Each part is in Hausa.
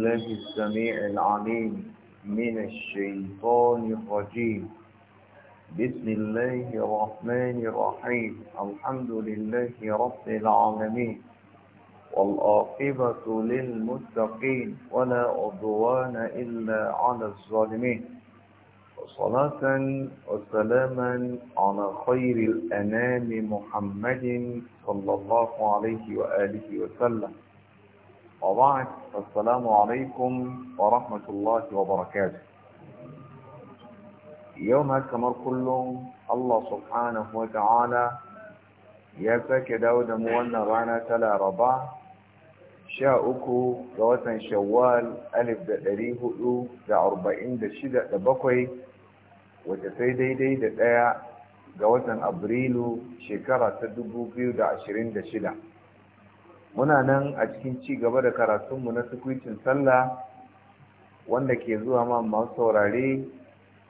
الله السميع العليم من الشيطان الرجيم بسم الله الرحمن الرحيم الحمد لله رب العالمين والآقبة للمتقين ولا عدوان إلا على الظالمين وصلاة وسلاما على خير الأنام محمد صلى الله عليه وآله وسلم وبعد السلام عليكم ورحمة الله وبركاته يوم كمر كلهم الله سبحانه وتعالى ya sake dawo da mu wannan rana ta laraba sha uku ga watan shawwal alif da ɗari hudu da arba'in da shida da bakwai wacce sai daidai da ɗaya ga watan abrilu shekara ta dubu biyu da ashirin da shida muna nan a cikin ci gaba da karatunmu na sukwicin sallah wanda ke zuwa ma masu saurare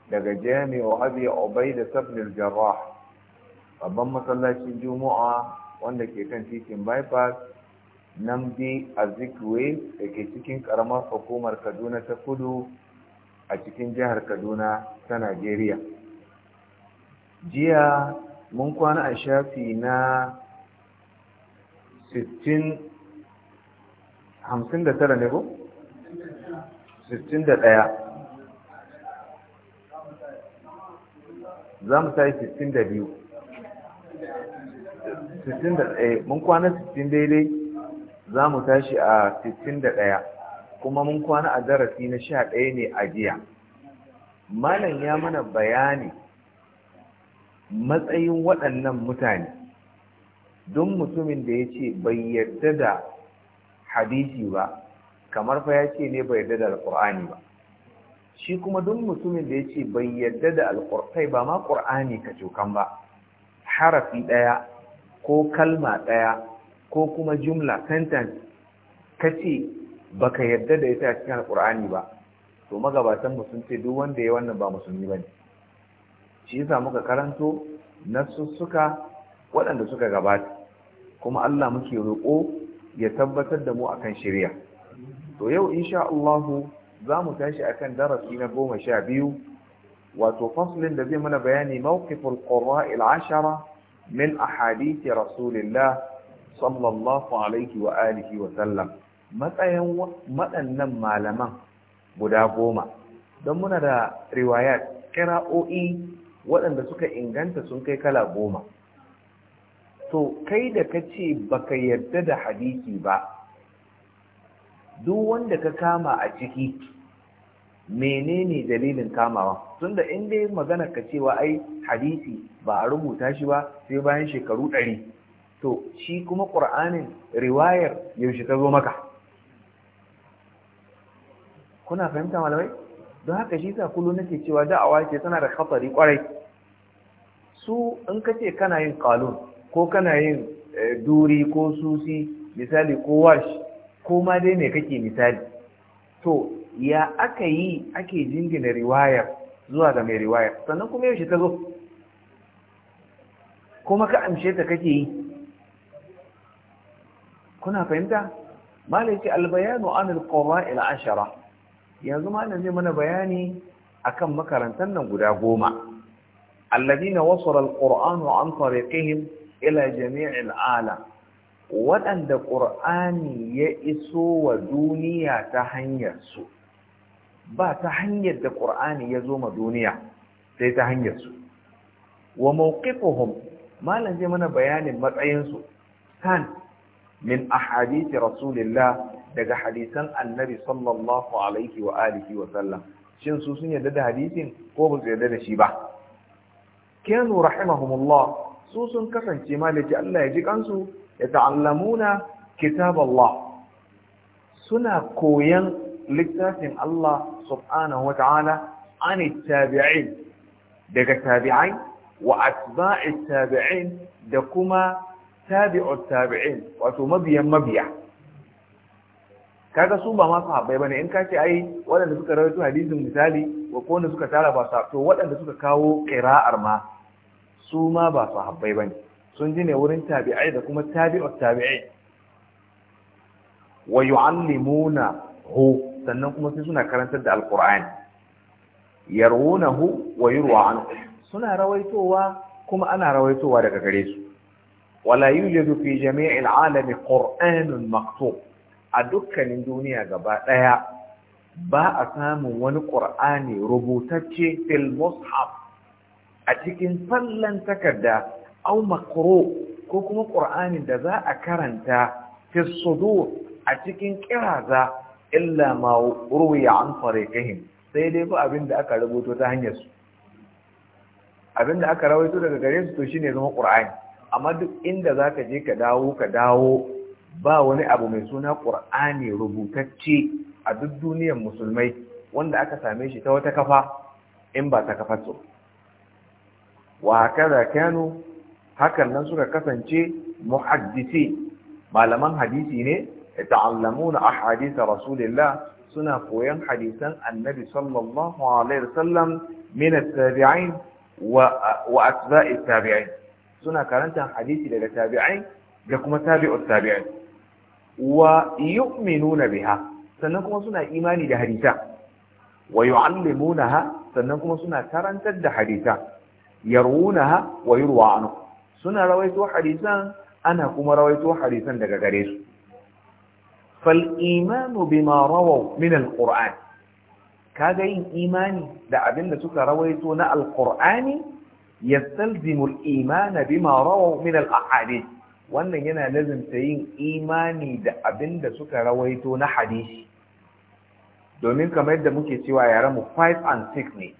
daga jami'o abi obai da sabnil jarrah babban masallacin juma'a wanda ke kan titin bypass nan bi a zikwe da ke cikin karamar hukumar kaduna ta kudu a cikin jihar kaduna ta najeriya jiya mun kwana a shafi na hamsin da tara ne ko? sittin da ɗaya za mu sa yi sittin eh, mun kwana sittin daidai za mu tashi a sittin da ɗaya kuma mun kwana a darasi na sha ɗaya ne a jiya malam ya mana bayani matsayin waɗannan mutane don mutumin da ya ce bai yarda da hadisi ba kamar fa ya ce ne bai yarda da alƙur'ani ba shi kuma duk mutumin da ya ce bai yarda da alƙur'ai ba ma ƙur'ani ka cokan ba harafi ɗaya ko kalma ɗaya ko kuma jumla sentence ka ce ba ka yarda da ita a cikin alƙur'ani ba to magabatan mu sun ce duk wanda ya wannan ba musulmi ba ne shi yasa muka karanto nasussuka waɗanda suka gabata kuma Allah muke roƙo ya tabbatar da mu akan shirya to yau insha Allah za mu tashi akan darasi na goma sha biyu wato faslin da zai mana bayani mawqiful qurra'il ashara min ahadith rasulillah sallallahu alaihi wa alihi wa sallam matsayin waɗannan malaman guda goma don muna da riwayat kira'o'i waɗanda suka inganta sun kai kala goma to kai da ka ce baka yarda da hadisi ba duk wanda ka kama a ciki menene dalilin kamawa tunda in dai magana ka cewa ai hadisi ba a rubuta shi ba sai bayan shekaru ɗari to shi kuma ƙur'anin riwayar yaushe ta zo maka kuna fahimta malamai don haka shi sa kullum nake cewa da'awa ce tana da khatari kwarai su in ka ce kana yin kalun ko kana yin eh, duri ko susi misali ko wash ko ma dai ne kake misali to ya aka yi ake jingina riwayar zuwa ga mai riwayar sannan kuma yaushe ta zo kuma ka amshe ta kake yi kuna fahimta malai ce albayanu anil qawa'il ashara yanzu malam zai mana bayani akan makarantar nan guda goma alladina wasu alƙur'anu an tariqihim ila jami'il Ala! waɗanda ƙur'ani ya iso wa duniya ta hanyarsu ba ta hanyar da ƙur'ani ya zo ma duniya sai ta hanyarsu wa mawqifuhum malam zai mana bayanin matsayinsu kan min ahadith rasulillah daga hadisan annabi sallallahu alaihi wa alihi wa sallam shin su sun yarda da hadisin ko ba su yarda da shi ba kenu rahimahumullah su sun kasance malaki Allah ya ji kansu ya ta'allamuna kitab Allah suna koyan littafin Allah subhanahu wa ta'ala an tabi'in daga tabi'ai wa atba'i tabi'in da kuma tabi'u tabi'in wato mabiyan mabiya kaga su ba ma ba ne, in kace ai waɗanda suka rawaito hadisin misali wa wanda suka tara ba sa to waɗanda suka kawo ƙira'ar ma su ma ba sahabbai bane sun ji ne wurin tabi'ai da kuma tabi'ut tabi'ai wa yu'allimuna hu sannan kuma sai suna karantar da alqur'ani yarwunahu wa yurwa anhu suna rawaitowa kuma ana rawaitowa daga gare su wala yujadu fi jami'il alami qur'anun maktub a dukkanin duniya gaba daya ba a samun wani qur'ani rubutacce fil mushaf a cikin sallan takarda au makro ko kuma ƙur'anin da za a karanta fi sudur a cikin kiraza illa ma ruwiya an fariqihim sai dai ba abin da aka rubuto ta hanyar su abin da aka rawaito daga gare su to shine zama ƙur'ani. amma duk inda zaka je ka dawo ka dawo ba wani abu mai suna ƙur'ani rubutacce a duk duniyar musulmai wanda aka same shi ta wata kafa in ba ta kafar su wa kaza kanu hakan nan suka kasance muhaddisi malaman hadisi ne ta'allamuna ahadith rasulillah suna koyan hadisan annabi sallallahu alaihi wasallam min at-tabi'in wa atba'i at-tabi'in suna karanta hadisi daga tabi'ai da kuma tabi'ut tabi'in wa yu'minuna biha sannan kuma suna imani da hadisa wa yu'allimunaha sannan kuma suna karantar da hadisa yarwunaha wa yurwa anhu suna rawaito hadisan ana kuma rawaito hadisan daga gare su fal imanu bima rawaw min alquran kaga yin imani da abin da suka rawaito na alqur'ani yastalzimu al-iman bima rawaw min al wannan yana lazimta yin imani da abin da suka rawaito na hadisi domin kamar yadda muke cewa yaran mu 5 and 6 ne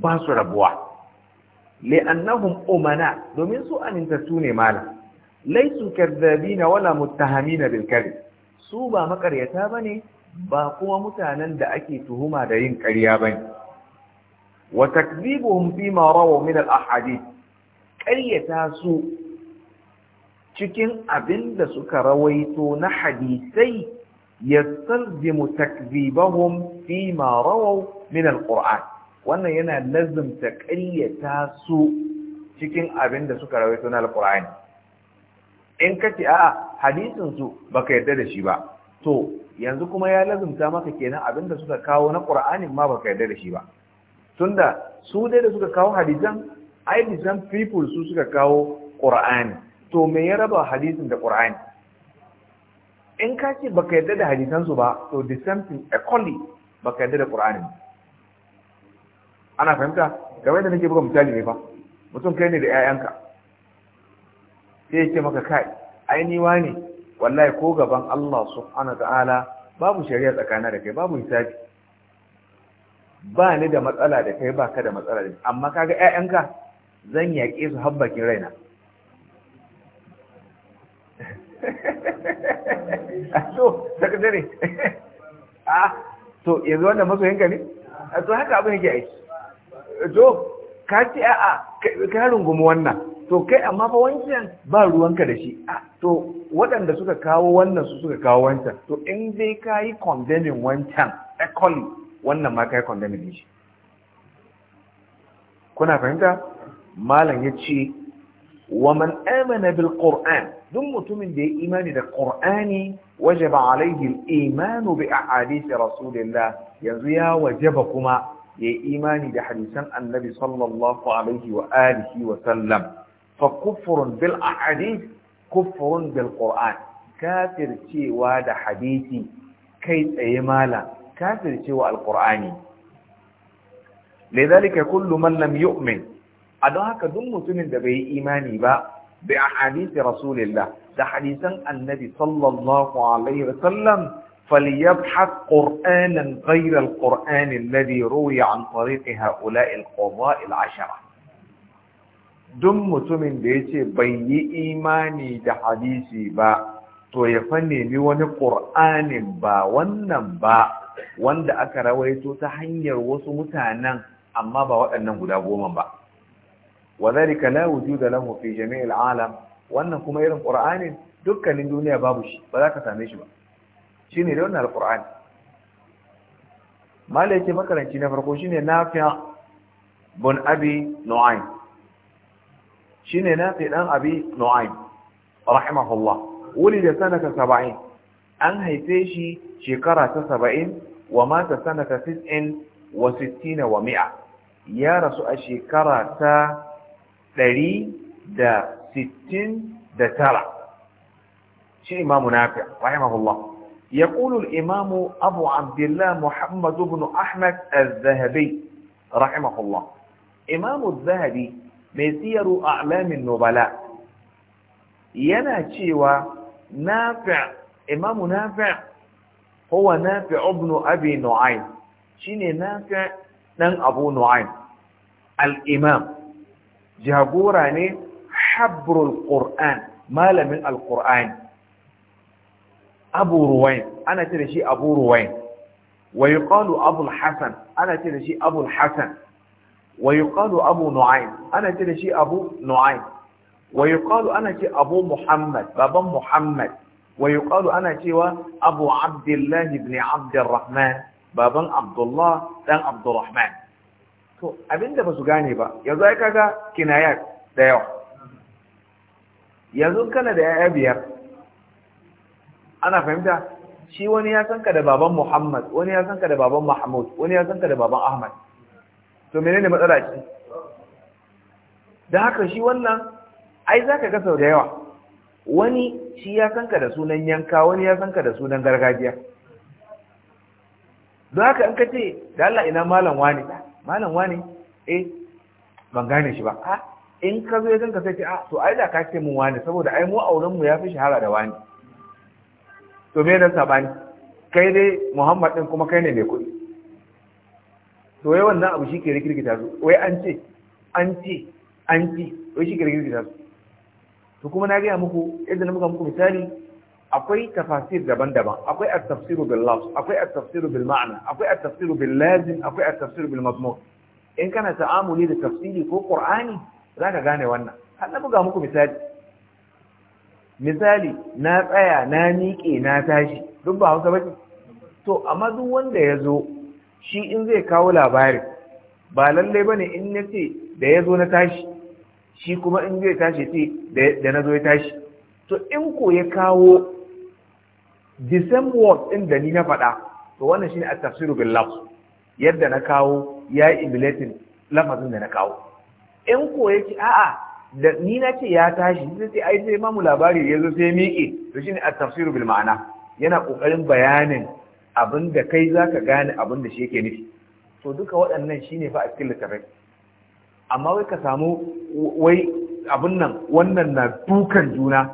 ba su rabuwa لأنهم أمناء دومين سوء أن تسوني مالا ليس كذابين ولا متهمين بالكذب سوبا مكر يتابني باقوة متانا دأكي تهما دين كريابين وتكذيبهم فيما رووا من الأحاديث كري تاسو تكين أبن دسوك رويتو نحديثي يستلزم تكذيبهم فيما رووا من القرآن wannan yana lazumta ƙayyata su cikin abin da suka rawaito na alƙur'ani in ka ce a'a hadisin su baka yarda da shi ba to yanzu kuma ya lazumta maka kenan abin da suka kawo na ƙur'ani ma baka yarda da shi ba tunda su dai da suka kawo hadisan ai disan people su suka kawo ƙur'ani to me ya raba hadisin da ƙur'ani in ka ce baka yarda da hadisan su ba to disan equally baka yarda da ƙur'ani ana fahimta game da nake buga misali ne fa mutum kai ne da 'ya'yanka sai ya maka kai ainiwa ne wallahi ko gaban Allah subhanahu ta'ala babu shari'a tsakana da kai babu hisabi ba ni da matsala da kai ba ka da matsala da amma kaga ƴaƴanka zan yaƙe su har bakin raina to saka dare ah to yanzu wannan masoyinka ne to haka abin yake aiki to ka ce a'a ka rungumi wannan to kai amma fa wancan ba ruwanka da shi a to waɗanda suka kawo wannan su suka kawo wancan to in dai ka yi condemning wancan ekoli wannan ma ka yi condemning shi kuna fahimta malam ya ce wa man amana bil qur'an duk mutumin da ya imani da qur'ani wajaba alaihi al iman bi ahadith rasulillah yanzu ya wajaba kuma ya yi imani da hadisan annabi sallallahu alaihi wa alihi wa sallam fa kufrun bil ahadith kufrun bil qur'an kafircewa da hadisi kai tsaye mala kafircewa alqur'ani lidhalika kullu man lam yu'min adon haka duk mutumin da bai yi imani ba bi ahadith rasulillah da hadisan annabi sallallahu alaihi wa sallam فليبحث قرآنا غير القرآن الذي روي عن طريق هؤلاء القضاء العشرة دم متمن بيتي بي إيماني دحديثي با to ya fa nemi wani ƙur'anin ba wannan ba wanda aka rawaito ta hanyar wasu mutanen amma ba waɗannan guda goma ba wa zalika la wujuda lahu fi jami'il alam wannan kuma irin ƙur'anin dukkanin duniya babu shi ba za ka same shi ba shine da wannan alqur'ani mala yake makaranci na farko shine nafi' bin abi nu'aym shine nafi' dan abi nu'aym rahimahullah da sanata 70 an haife shi shekara ta 70 wa mata sanata 69 wa 60 wa 100 ya rasu a shekara ta 169 shi imamu nafi' rahimahullah يقول الإمام أبو عبد الله محمد بن أحمد الذهبي رحمه الله إمام الذهبي مسير أعلام النبلاء ينا تشيوى نافع إمام نافع هو نافع ابن أبي نعيم شيني نافع نن أبو نعيم الإمام جابوراني حبر القرآن ما من القرآن أبو روين أنا تري شيء أبو روين ويقال أبو الحسن أنا تري شيء أبو الحسن ويقال أبو نعيم أنا تري شيء أبو نعيم ويقال أنا شيء أبو محمد بابا محمد ويقال أنا شيء أبو عبد الله بن عبد الرحمن بابا عبد الله بن عبد الرحمن تو أبين ده بسجاني با يزاي كذا كنايات ده يزوج كذا ده أبيه ana fahimta shi wani ya san ka da baban Muhammad wani ya san ka da baban Mahmud wani ya san ka da baban Ahmad to menene matsala ce da haka shi wannan ai zaka ga sau da yawa wani shi ya san ka da sunan yanka wani ya san ka da sunan gargajiya don haka in ka ce da Allah ina malam wani malam wani eh ban gane shi ba a ah, in ka zo ya ganka sai ce a ah, to ai da ka ce mun wani saboda ai mu auren mu ya fi shahara da wani to me dan sabani kai dai Muhammad din kuma kai ne mai kuɗi to wai wannan abu shike rikirkita su wai an ce an ce an ce wai shike rikirkita su to kuma na gaya muku yadda na muka muku misali akwai tafasir daban-daban akwai at-tafsiru bil lafz akwai at-tafsiru bil ma'na akwai at-tafsiru bil lazim akwai at-tafsiru bil mazmun in kana ta'amuli da tafsiri ko qur'ani zaka gane wannan har na buga muku misali misali na tsaya na miƙe na tashi duk ba hausa bace to amma duk wanda ya zo shi in zai kawo labari ba lallai bane in na ce da ya zo na tashi shi kuma in zai tashi ce da na zo ya tashi to in ko ya kawo the same word ɗin da ni na faɗa to wannan shine a tafsiru bil lafz yadda na kawo ya yi lafazin da na kawo in ko yake a'a da ni na ce ya tashi sai sai ai sai mamu labari yazo sai miƙe to shine at-tafsiru bil ma'ana yana kokarin bayanin abin da kai zaka gane abin da shi yake nufi to duka waɗannan shine fa a cikin littafai amma wai ka samu wai abin nan wannan na dukan juna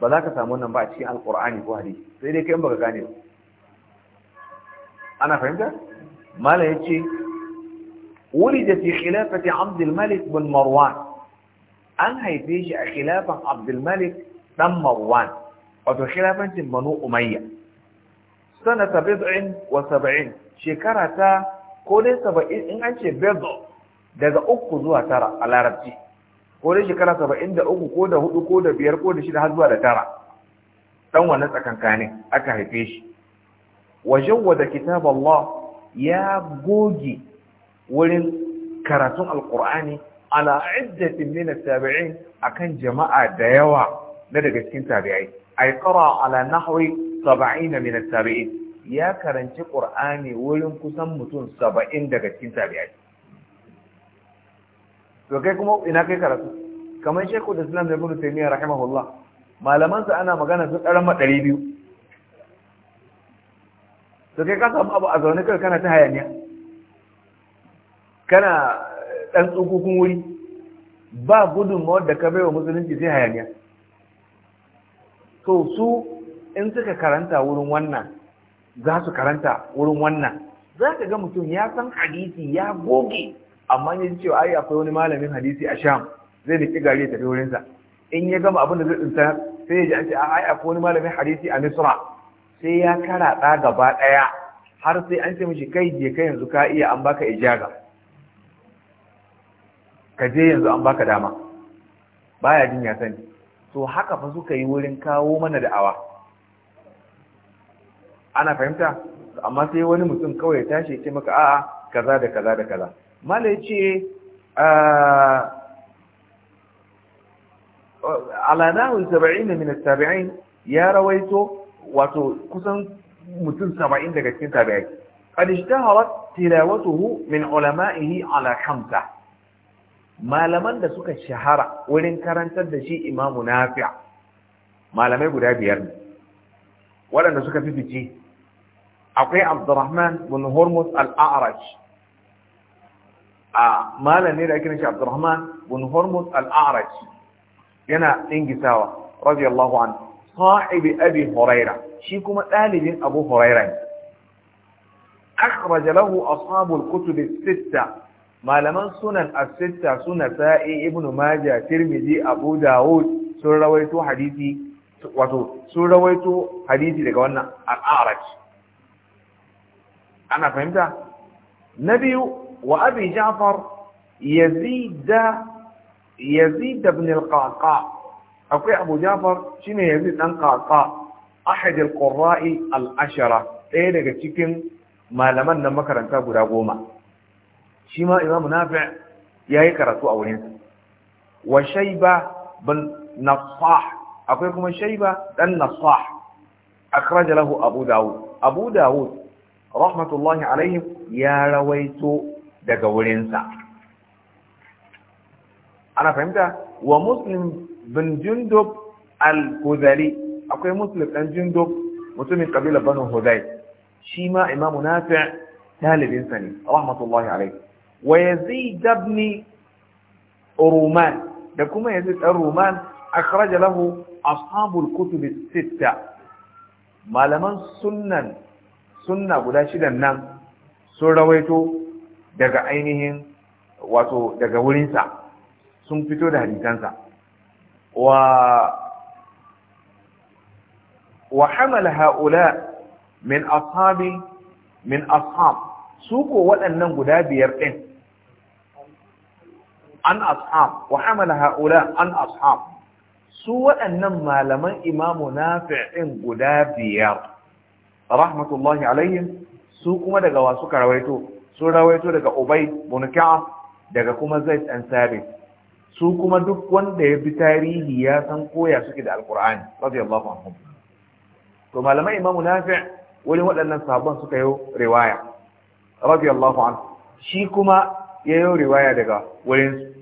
ba za ka samu wannan ba a cikin alqur'ani ko hadisi sai dai kai in baka gane ana fahimta malam yace ولد في خلافة عبد الملك بن مروان an haife shi a khilafan abdulmalik dan marwan wato khilafancin banu umayya sanata bid'in wa sab'in shekara ta ko dai saba'in in an ce bid'u daga uku zuwa tara a larabci ko dai shekara saba'in da uku ko da hudu ko da biyar ko da shida har zuwa da tara dan wannan tsakankanin aka haife shi wajawwada kitab Allah ya goge wurin karatun alqur'ani ala iddatin min at-tabi'in akan jama'a da yawa na daga cikin tabi'ai ay qara ala nahwi 70 min at-tabi'in ya karanci qur'ani wurin kusan mutum 70 daga cikin tabi'ai to kai kuma ina kai karatu kamar shekul islam da ibn taymiya rahimahullah malaman sa ana magana sun karan ma 200 to kai ka samu abu a zaune kai kana ta hayaniya kana ɗan tsokokun wuri ba gudunmawar da ka bai wa musulunci sai hayaniya to su in suka karanta wurin wannan za su karanta wurin wannan za ka ga mutum ya san hadisi ya goge amma ya ji cewa ai akwai wani malamin hadisi a sham zai da gari ya tafi wurinsa in ya gama abin da zai tsinta sai ya ji an ce ai akwai wani malamin hadisi a misra sai ya karaɗa gaba ɗaya har sai an ce mishi kai je kai yanzu ka iya an baka ijaza ka je yanzu an baka dama baya jin ya sani to haka fa suka yi wurin kawo mana da'awa ana fahimta amma sai wani mutum kawai ya tashi ya ce maka a'a kaza da kaza da kaza malai ce a nahu 70 min at-tabi'in ya rawaito wato kusan mutum 70 daga cikin tabi'ai qad ishtaharat tilawatuhu min ulama'ihi ala khamsa malaman da suka shahara wurin karantar da shi imamu nafi'a malamai guda biyar ne waɗanda suka fi fice akwai abdurrahman bin hormuz al'arash a malam ne da ake nishi abdurrahman bin hormuz al'arash yana ɗingisawa radiyallahu an sa'ibi abi huraira shi kuma ɗalibin abu huraira ne akhraja lahu ashabul kutub sitta malaman sunan as Suna sa'i ibn majah tirmidhi abu dawud sun rawaito hadisi wato sun rawaito hadisi daga wannan al-a'raj ana fahimta na biyu wa abi ja'far yazid yazid ibn al-qaqa akwai abu ja'far shine yazid dan qaqa ahad al-qurra'i al-ashara ɗaya daga cikin malaman nan makaranta guda goma shi ma imamu nafi' ya yi karatu a wurin sa wa shaiba bin nasah akwai kuma shaiba dan nasah akhraja lahu abu dawud abu dawud rahmatullahi alaihi ya rawaito daga wurin sa ana fahimta wa muslim bin jundub al-hudhali akwai muslim dan jundub mutumin kabilar banu hudai shi ma imamu nafi' dalibinsa ne rahmatullahi alaihi ويزيد بن رومان لكم يزيد الرومان أخرج له أصحاب الكتب الستة ما لمن سنة سنة قد أشد النام سورة ويتو دقا عينهم واتو دقا ولنسا سنفتو ده لتنسا و وحمل هؤلاء من أصحاب من أصحاب سوكو ولأنهم قد أبي يرقين an ashab wa hamala haula an ashab su waɗannan malaman imamu nafi'in guda biyar rahmatullahi alaihim su kuma daga wasu karawaito su rawaito daga ubay bin daga kuma zaid an sabit su kuma duk wanda ya bi tarihi ya san koya suke da alqur'ani radiyallahu anhum to malaman imamu nafi' wani waɗannan sabon suka yi riwaya radiyallahu anhu shi kuma ya yi riwaya daga wurin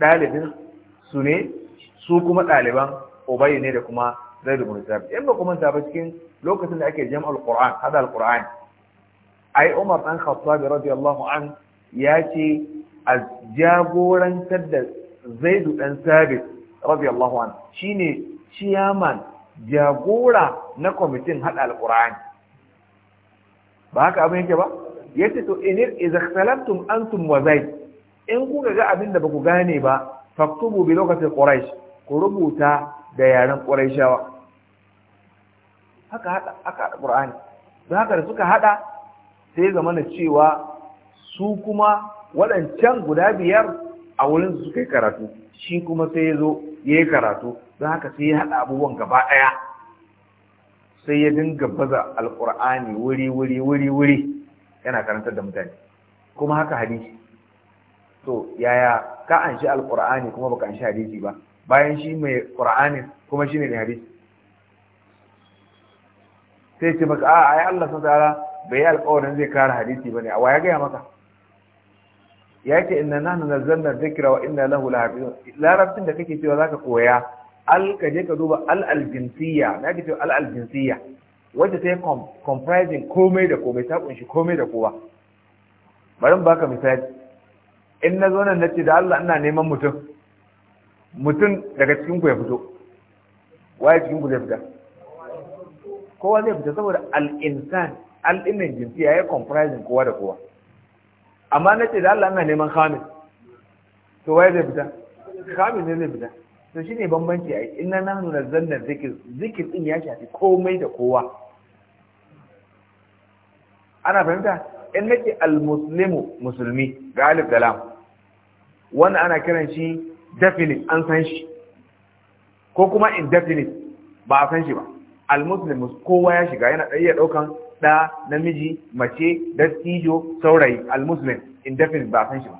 ɗalibin su ne su kuma ɗaliban ubayi ne da kuma zaidu bin sabit in ba kuma ba cikin lokacin da ake jam'al qur'an hada al-qur'an ai umar dan khattab radiyallahu an ya ce a jagorantar da zaidu dan sabit radiyallahu an shine ciyaman jagora na kwamitin hada al-qur'an ba haka abin yake ba yace to in izakhtalaftum antum wa zaid in kuka ga abin da ba ku gane ba faktubu bi lokacin quraish ku rubuta da yaren quraishawa haka hada aka hada qur'ani don haka da suka hada sai zamana cewa su kuma waɗancan guda biyar a wurin su suka yi karatu shi kuma sai ya zo ya yi karatu don haka sai ya haɗa abubuwan gaba ɗaya sai ya dinga baza alƙur'ani wuri wuri wuri wuri yana karantar da mutane kuma haka hadisi to yaya ka an shi alqur'ani kuma baka an shi hadisi ba bayan shi mai qur'ani kuma shine mai hadisi sai ce maka a ai Allah subhanahu ta'ala bai alƙawarin zai kare hadisi bane a waya ga maka yake inna nahnu nazzalna dhikra wa inna lahu lahafizun larabcin da kake cewa zaka koya al kaje ka duba al aljinsiya na ke cewa al aljinsiya wacce ta yi comprising komai da komai ta kunshi komai da kowa bari mu baka misali in na zo nan na ce da Allah ina neman mutum mutum daga cikin ku ya fito waye cikin ku zai fita kowa zai fita saboda al-insan al-innan jinsi yi comprising kowa da kowa amma na ce da Allah ina neman khamis to waye zai fita khamis ne zai fita to shine bambanci ai inna nahnu nazzalna dhikr zikir din ya shafi komai da kowa ana fahimta in nake muslimu musulmi ga alif da lam wanda ana kiran shi definite an san shi ko kuma indefinite ba a san shi ba muslimu kowa ya shiga yana iya daukan da namiji mace dattijo saurayi muslim indefinite ba a san shi ba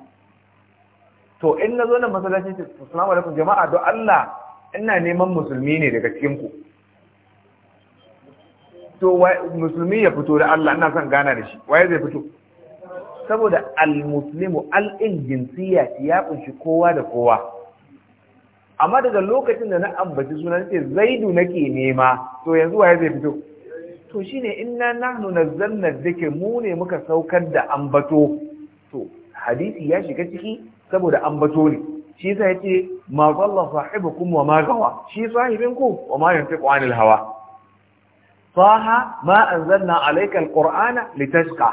to in na zo nan masallaci ce assalamu alaikum jama'a don Allah ina neman musulmi ne daga cikin ku to musulmi ya fito da Allah ina son gana da shi waye zai fito saboda al-muslimu al injinsiya ya kunshi kowa da kowa amma daga lokacin da na ambaci sunan ce zaidu nake nema to yanzu waye zai fito to shine inna nahnu nazzalna dhikra mu ne muka saukar da ambato to hadisi ya shiga ciki saboda ambato ne shi yasa yace ma dhalla sahibukum wa ma gawa shi sahibinku wa ma yantiqu anil hawa taha ma anzalna alayka alqur'ana litashqa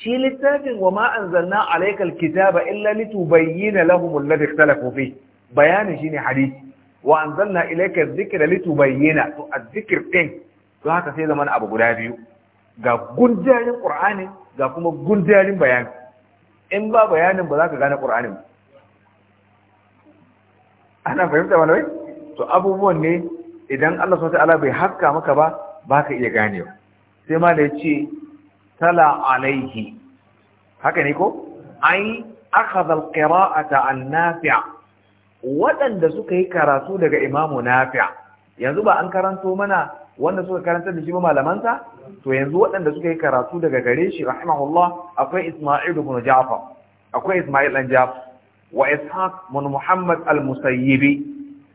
shi littafin wa ma anzalna alayka alkitaba illa litubayyana lahum alladhi ikhtalafu fihi bayani shine hadisi wa anzalna ilayka adh-dhikra litubayyana to adh-dhikr din to haka sai zaman abu guda biyu ga gundarin qur'ani ga kuma gundarin bayani in ba bayanin ba za ka gane ƙur'anin ana fahimta wai? to abubuwan ne idan Allah sun ta'ala bai haska maka ba ba ka iya gane sai ma da ce tala alaihi haka ne ko ai zalkira a ta'an nafiya. waɗanda suka yi karatu daga imamu nafiya. yanzu ba an karanto mana wanda suka karanta da shi ba malamansa to yanzu waɗanda suka yi karatu daga gare shi rahimahullah akwai Isma'il ibn Ja'far akwai Isma'il dan Ja'far wa Ishaq ibn Muhammad al-Musayyibi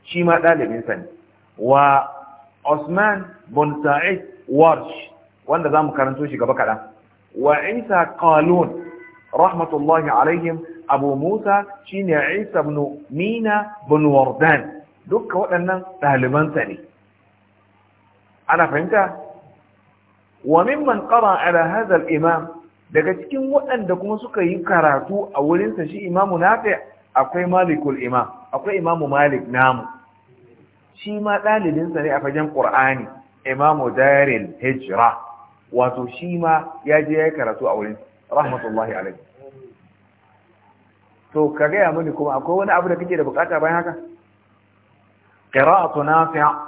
shi ma dalibin sa ne wa Osman ibn Sa'id Warsh wanda zamu karanto shi gaba kaɗan wa Isa Qalun rahmatullahi alaihim Abu Musa shine Isa ibn Mina ibn Wardan dukkan waɗannan ɗalibansa ne ana fahimta wa mimman qara ala hadha al-imam daga cikin waɗanda kuma suka yi karatu a wurinsa shi imamu nafi akwai malikul imam akwai imamu malik namu shi ma ɗalibinsa ne a fagen ƙur'ani imamu daril hijira wato shi ma ya je ya yi karatu a wurinsa rahmatullahi alaihi to ka gaya mini kuma akwai wani abu da kake da bukata bayan haka qira'atu nafi'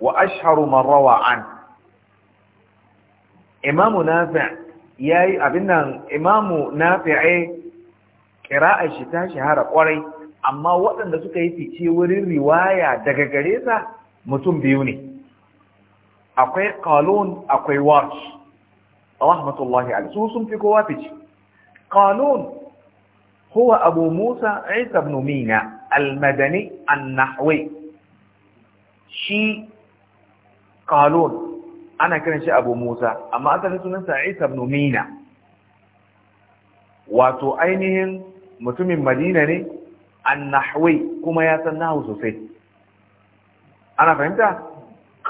وأشهر من روى عنه إمام نافع ياي ابن إمام نافع قراءة شتاء شهر قري أما وقت أن سكي في تيور الرواية دقاقريسة متن بيوني أقوي قالون أقوي وارش رحمة الله عليه سوسم في كوافج قالون هو أبو موسى عيسى بن مينا المدني النحوي shi qalun ana kiran shi abu musa amma asalin sunansa isa ibn mina wato ainihin mutumin madina ne annahwi kuma ya san nahu sosai ana fahimta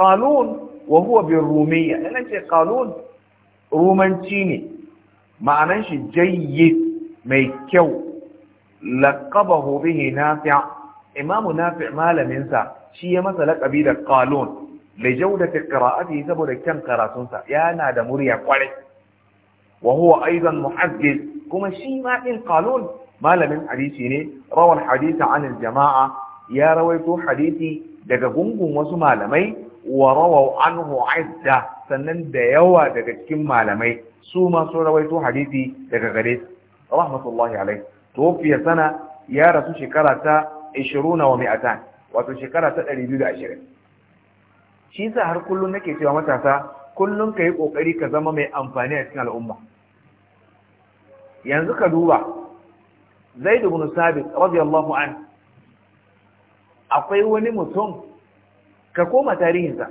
qalun wa huwa bi rumiyya nan ce qalun rumanci ne ma'anan shi jayyid mai kyau laqabahu bihi nafi' imamu nafi' malamin sa shi ya masa laqabi da qalun li da qira'atihi saboda kyan karatunsa yana da murya kwarai wa huwa aidan muhaddis kuma shi ma din qalun malamin hadisi ne rawan hadisa an jama'a ya rawaito hadisi daga gungun wasu malamai wa rawaw anhu idda sannan da yawa daga cikin malamai su ma sun rawaito hadisi daga gare su rahmatullahi alaihi tofiya sana ya rasu shekara ta 20 wa 200 wato shekara ta 220 shi yasa har kullum nake cewa matasa kullum ka yi ƙoƙari ka zama mai amfani a cikin al'umma yanzu ka duba zaid ibn sabit radiyallahu an akwai wani mutum ka koma tarihinsa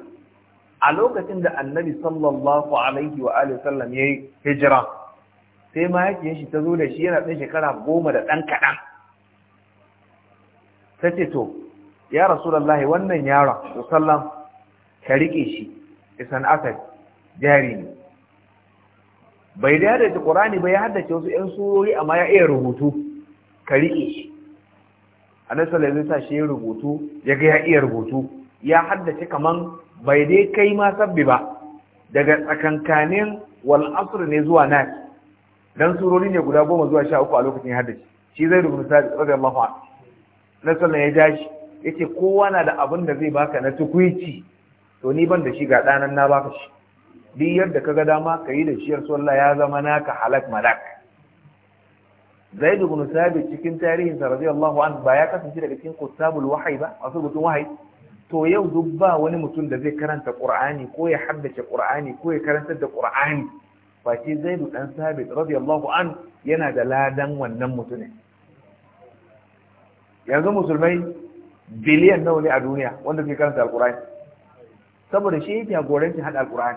a lokacin da annabi sallallahu alaihi wa alihi sallam yayi hijira sai mahaifiyar shi ta zo da shi yana ɗan shekara goma da ɗan kaɗan ta ce to ya rasulullahi wannan yaron sallam ka riƙe shi isan asad jari ne bai da ta ƙorani ba ya haddace wasu 'yan surori amma ya iya rubutu ka riƙe shi a nasa zai sa shi ya rubutu ya ga ya iya rubutu ya haddace kaman bai dai kai ma sabbi ba daga tsakankanin wal'asur ne zuwa na dan surori ne guda goma zuwa sha uku a lokacin haddace shi zai rubuta radi Allahu anhu ya ja shi ce kowa na da abin da zai baka na tukwici to ni ban da shi ga ɗanan na baka shi duk yadda ka ga dama ka yi da shi yarsu Allah ya zama naka halak malak Zaidu ibn sabit cikin tarihin sa radiyallahu anhu ba ya kasance daga cikin kutabul wahyi ba masu rubutun wahayi to yau duk ba wani mutum da zai karanta qur'ani ko ya haddace qur'ani ko ya karantar da qur'ani face zaidu dan sabit radiyallahu anhu yana da ladan wannan mutumin yanzu musulmai biliyan nawa ne a duniya wanda suke karanta alqur'ani saboda shi jagorancin hada haɗa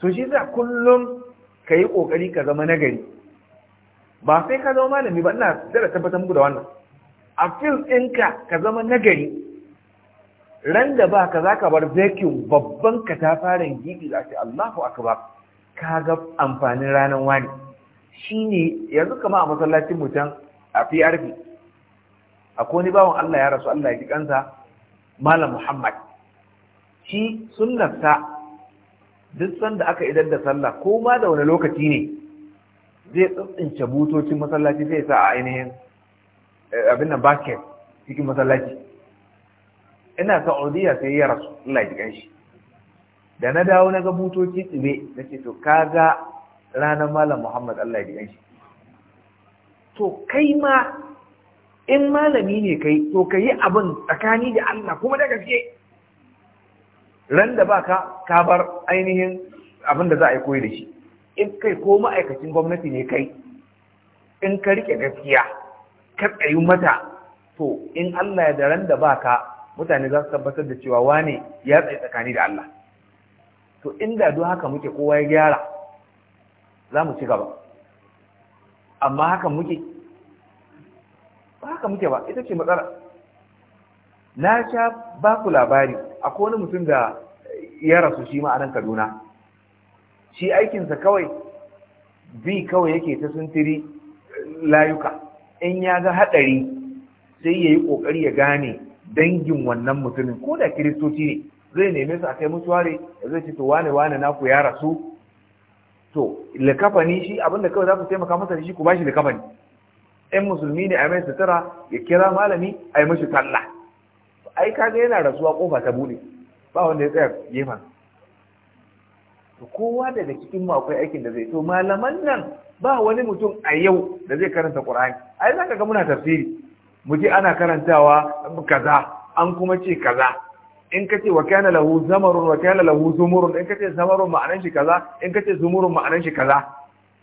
to shi za kullum kai kokari ka zama nagari ba sai ka zama malami ba ina da tabbatar muku da wannan a fil ɗinka ka zama nagari ran da ba ka za ka bar vacuum babban ka ta fara gidi za ce Allahu akbar ka ga amfanin ranar wani shine yanzu kama a masallacin mutum a PRP akwai wani bawan Allah ya rasu Allah ya ji kansa Malam Muhammad shi ta duk sanda aka idar da sallah ko ma da wani lokaci ne zai tsintsince butocin masallaci zai sa a ainihin eh, abin nan basket cikin masallaci ina audiya sai ya rasu Allah ya shi da na dawo na ga butoci tsibe na ce to kaga ranar malam muhammad Allah ya shi to kai ma in malami ne kai to ka yi abin tsakani da Allah kuma da gaske ran da baka ka bar ainihin abin da za a yi koyi da shi in kai ko ma'aikacin gwamnati ne kai in ka rike gaskiya ka tsayu mata to in Allah ya da ran da baka mutane za su tabbatar da cewa wane ya tsaye tsakani da Allah to inda duk haka muke kowa ya gyara za mu ci gaba amma haka muke ba haka muke ba ita ce matsala na sha ba ku labari akwai wani mutum da ya rasu shi ma a kaduna shi aikinsa kawai bi kawai yake ta sintiri layuka in ya ga haɗari sai ya yi ƙoƙari ya gane dangin wannan mutumin ko da kiristoci ne zai neme su a kai mutuware zai ce to wane wane naku ya rasu to likafani shi abinda kawai za su taimaka masa da shi ku bashi likafani in musulmi ne a mai sutura ya kira malami a yi mashi talla ai kaga yana rasuwa kofa ta bude ba wanda ya tsaya gefen kowa daga cikin mu akwai aikin da zai to malaman nan ba wani mutum a yau da zai karanta Qur'ani ai zaka ga muna tafsiri mu je ana karantawa kaza an kuma ce kaza in ka ce wa kana lahu zamarun wa kana lahu zumurun in ka ce zamarun ma'anar shi kaza in ka ce zumurun ma'anar shi kaza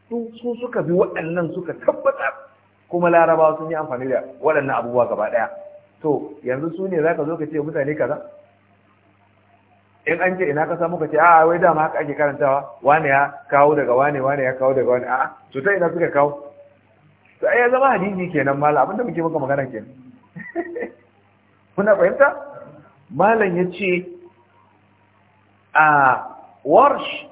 su su suka bi waɗannan suka tabbatar kuma larabawa sun yi amfani da waɗannan abubuwa gaba ɗaya to yanzu su ne za ka zo ka ce mutane kaza in an ce ina ka samu ka ce a wai dama haka ake karantawa wane ya kawo daga wane wane ya kawo daga wane a'a to ta ina suka kawo to ai ya zama hadisi kenan mala abinda muke maka magana kenan kuna fahimta malam ya ce a warsh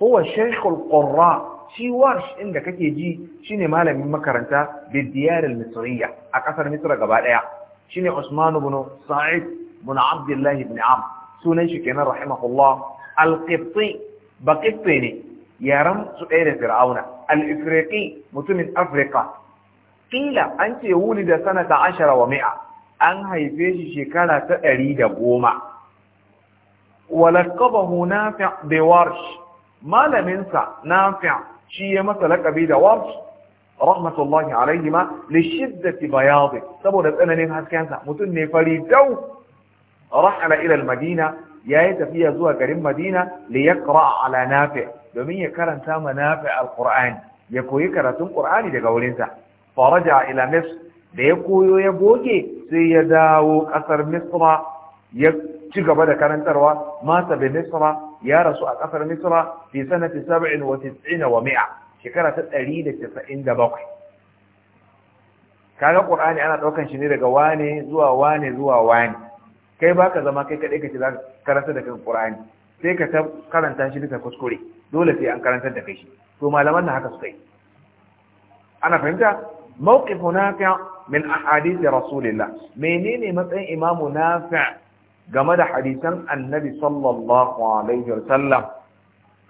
huwa shaykhul qurra shi warsh inda kake ji shine malamin makaranta bidiyar al-misriya a kasar misra gaba daya شني عثمان بن سعيد بن عبد الله بن عم سونيش كان رحمه الله القبطي بقبطيني يا رم سؤال فرعون الإفريقي متمن أفريقا قيل أنت ولد سنة عشر ومئة أن هيفيش شكالة أريد بوما ولقبه نافع بورش ما لم ينسى نافع شي مثلا كبيد ورش رحمة الله عليهما لشدة بياضه سبونا بأنا نيم هاسكانسا متن نفلي دو رحل إلى المدينة يأيت فيها زوى كريم مدينة ليقرأ على نافع دومين يكرن تام نافع القرآن يكوي كرتم قرآن دي قولينسا فرجع إلى مصر ليكوي يبوكي سيداو أثر مصر يك شيك بدا كان تروى مات بمصر يا رسول أثر مصر في سنة سبع وتسعين ومئة shekara ta 197 kaga qur'ani ana daukan shi ne daga wane zuwa wane zuwa wane kai baka zama kai kadai kace zaka karanta da qur'ani sai ka karanta shi bisa kuskure dole sai an karanta da shi to malaman na haka suka yi ana fahimta mawqif nafi' min ahadith rasulillah menene matsayin imamu nafi' game da hadisan annabi sallallahu alaihi wasallam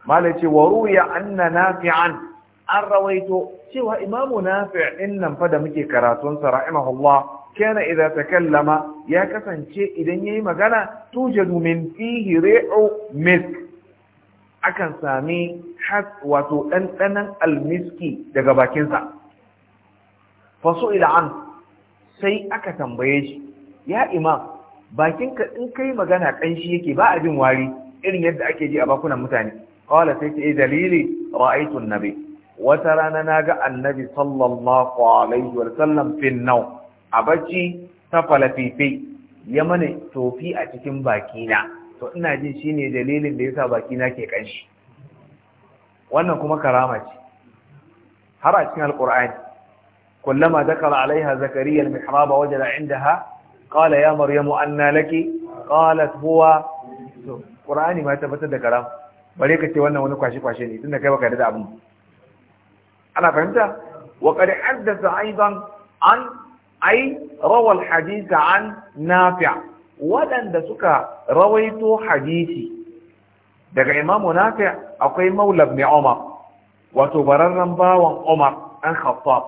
malai ce wa ruya anna nafi'an an rawaito cewa imamu nafi' din nan fa da muke karatun sa rahimahullah kana idza takallama ya kasance idan yayi magana tujadu min fihi ri'u misk akan sami has wato ɗanɗanan almiski daga bakinsa. sa fa su'ila an sai aka tambaye shi ya imam bakinka in kai magana ƙanshi yake ba abin wari irin yadda ake ji a bakunan mutane qala sai ta eh, dalili ra'aytu an-nabi wata rana na ga annabi sallallahu alaihi wa sallam fin nau a bacci ta falafife ya mana tofi a cikin bakina to ina jin shi ne dalilin da ya sa bakina ke kanshi wannan kuma karama ce har a cikin alqur'ani kullama dakala alaiha zakariya almihraba wajada indaha qala ya maryamu anna laki qalat huwa qur'ani ma tabbatar da karam bare ka ce wannan wani kwashi kwashe ne tunda kai baka da abin أنا فهمت وقد حدث أيضا عن أي روى الحديث عن نافع ولن دسك رويت حديثي دقى إمام نافع أقيم مولى بن عمر وتبرر باوا عمر الخطاب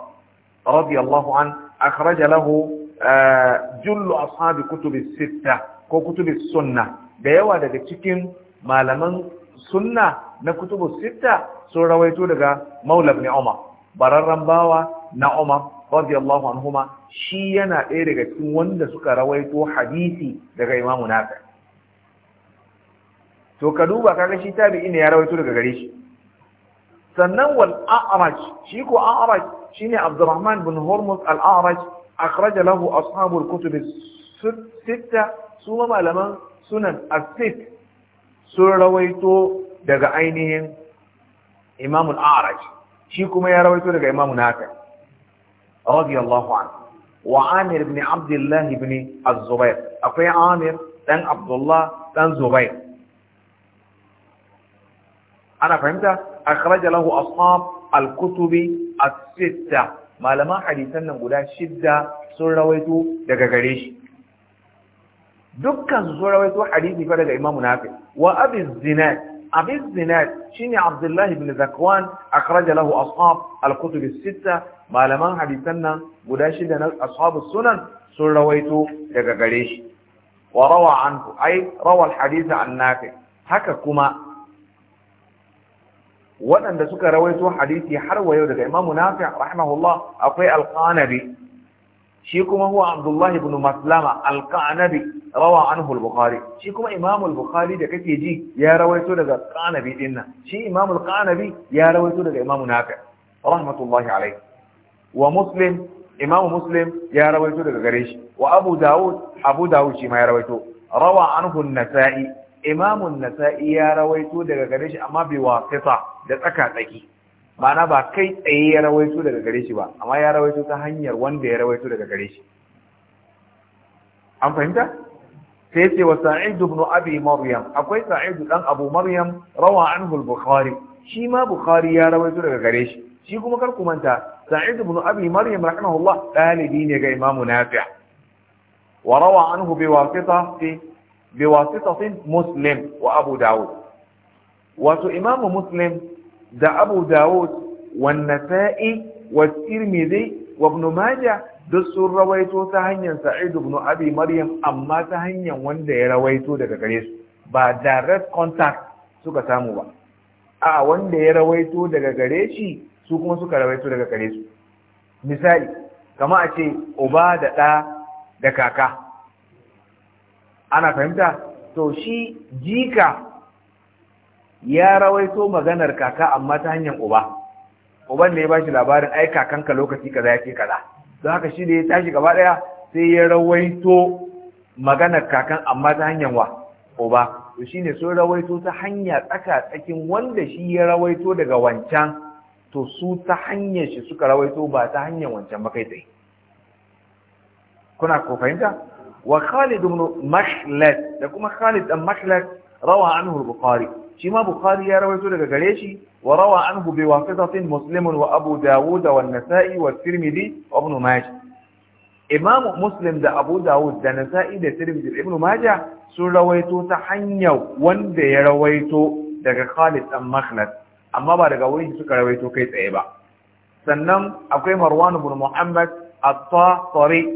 رضي الله عنه أخرج له آه، جل أصحاب كتب الستة وكتب السنة بيوا دقى تشكين ما لمن سنة na kutubu sitta sun rawaito daga maula ibn umar bararran bawa na umar radiyallahu anhuma shi yana ɗaya daga cikin wanda suka rawaito hadisi daga imamu nafi to ka duba kaga shi tabi'i ne ya rawaito daga gare shi sannan wal a'raj shi ko a'raj shine abdurrahman bin hormuz al a'raj akhraj lahu ashabu al kutub sitta su malaman sunan as-sit sun rawaito daga ainihin Imam al-A'raj shi kuma ya rawaito daga Imam Nafi radiyallahu anhu wa Amir ibn Abdullah ibn Az-Zubair akwai Amir dan Abdullah dan Zubair ana fahimta akhraja lahu ashab al-kutubi as-sitta malama hadisan nan guda shidda sun rawaito daga gare shi dukkan su sun rawaito hadisi fa daga Imam Nafi wa Abi az-zinat أبي الزناد شيني عبد الله بن ذكوان أخرج له أصحاب الكتب الستة ما لما حديثنا وداشد أصحاب السنن سرويت لكقريش وروى عنه أي روى الحديث عن نافع هكا كما وأن سكا رويتو حديثي حروى يودك إمام نافع رحمه الله أقوي القانبي shi kuma huwa abdullahi ibn maslama al-qanabi rawa anhu al-bukhari shi kuma imam al-bukhari da kake ji ya rawaito daga qanabi din nan shi imam al-qanabi ya rawaito daga imam nafi rahmatullahi alayhi wa muslim imam muslim ya rawaito daga gare shi wa abu daud abu daud shi ma ya rawaito rawa anhu an-nasa'i imam an-nasa'i ya rawaito daga gare shi amma bi waqita da tsaka tsaki ma'ana ba kai tsaye ya rawaito daga gare shi ba amma ya rawaito ta hanyar wanda ya rawaito daga gare shi an fahimta sai ce wa sa'id ibn abi maryam akwai sa'id dan abu maryam rawa anhu al-bukhari shi ma bukhari ya rawaito daga gare shi shi kuma kar ku manta sa'id ibn abi maryam rahimahullah dalibi ne ga imam nafi' wa rawa anhu bi wasita fi bi muslim wa abu daud wato imam muslim da Abu Dawud wanne Nasa'i wa Tirmidhi wa Ibn Majah duk sun rawaito ta hanyar Sa'id ibn Abi Maryam amma ta hanyar wanda ya rawaito daga gare su ba direct contact suka samu ba a wanda ya rawaito daga gare shi su kuma suka rawaito daga gare su misali kama a ce uba da ɗa da kaka ana fahimta to shi jika ya rawaito maganar kaka amma ta hanyar uba uban ne ya bashi labarin ai kakanka lokaci kaza ya ce kaza don haka shi ne ya tashi gaba daya sai ya rawaito maganar kakan amma ta hanyar wa uba to shine sun rawaito ta hanya tsaka tsakin wanda shi ya rawaito daga wancan to su ta hanyar shi suka rawaito ba ta hanyar wancan ba kai tsaye kuna ko fahimta wa Khalid ibn Mashlad da kuma Khalid dan Mashlad rawa anhu al-Bukhari shi ma bukhari ya rawaito daga gare shi wa rawa anhu bi waqidatin muslimun wa abu dawud wa an-nasa'i wa tirmidhi wa ibn majah imamu muslim da abu dawud da nasa'i da tirmidhi da ibn majah sun rawaito ta hanyar wanda ya rawaito daga khalid dan makhlad amma ba daga wurin suka rawaito kai tsaye ba sannan akwai marwan ibn muhammad at-tahari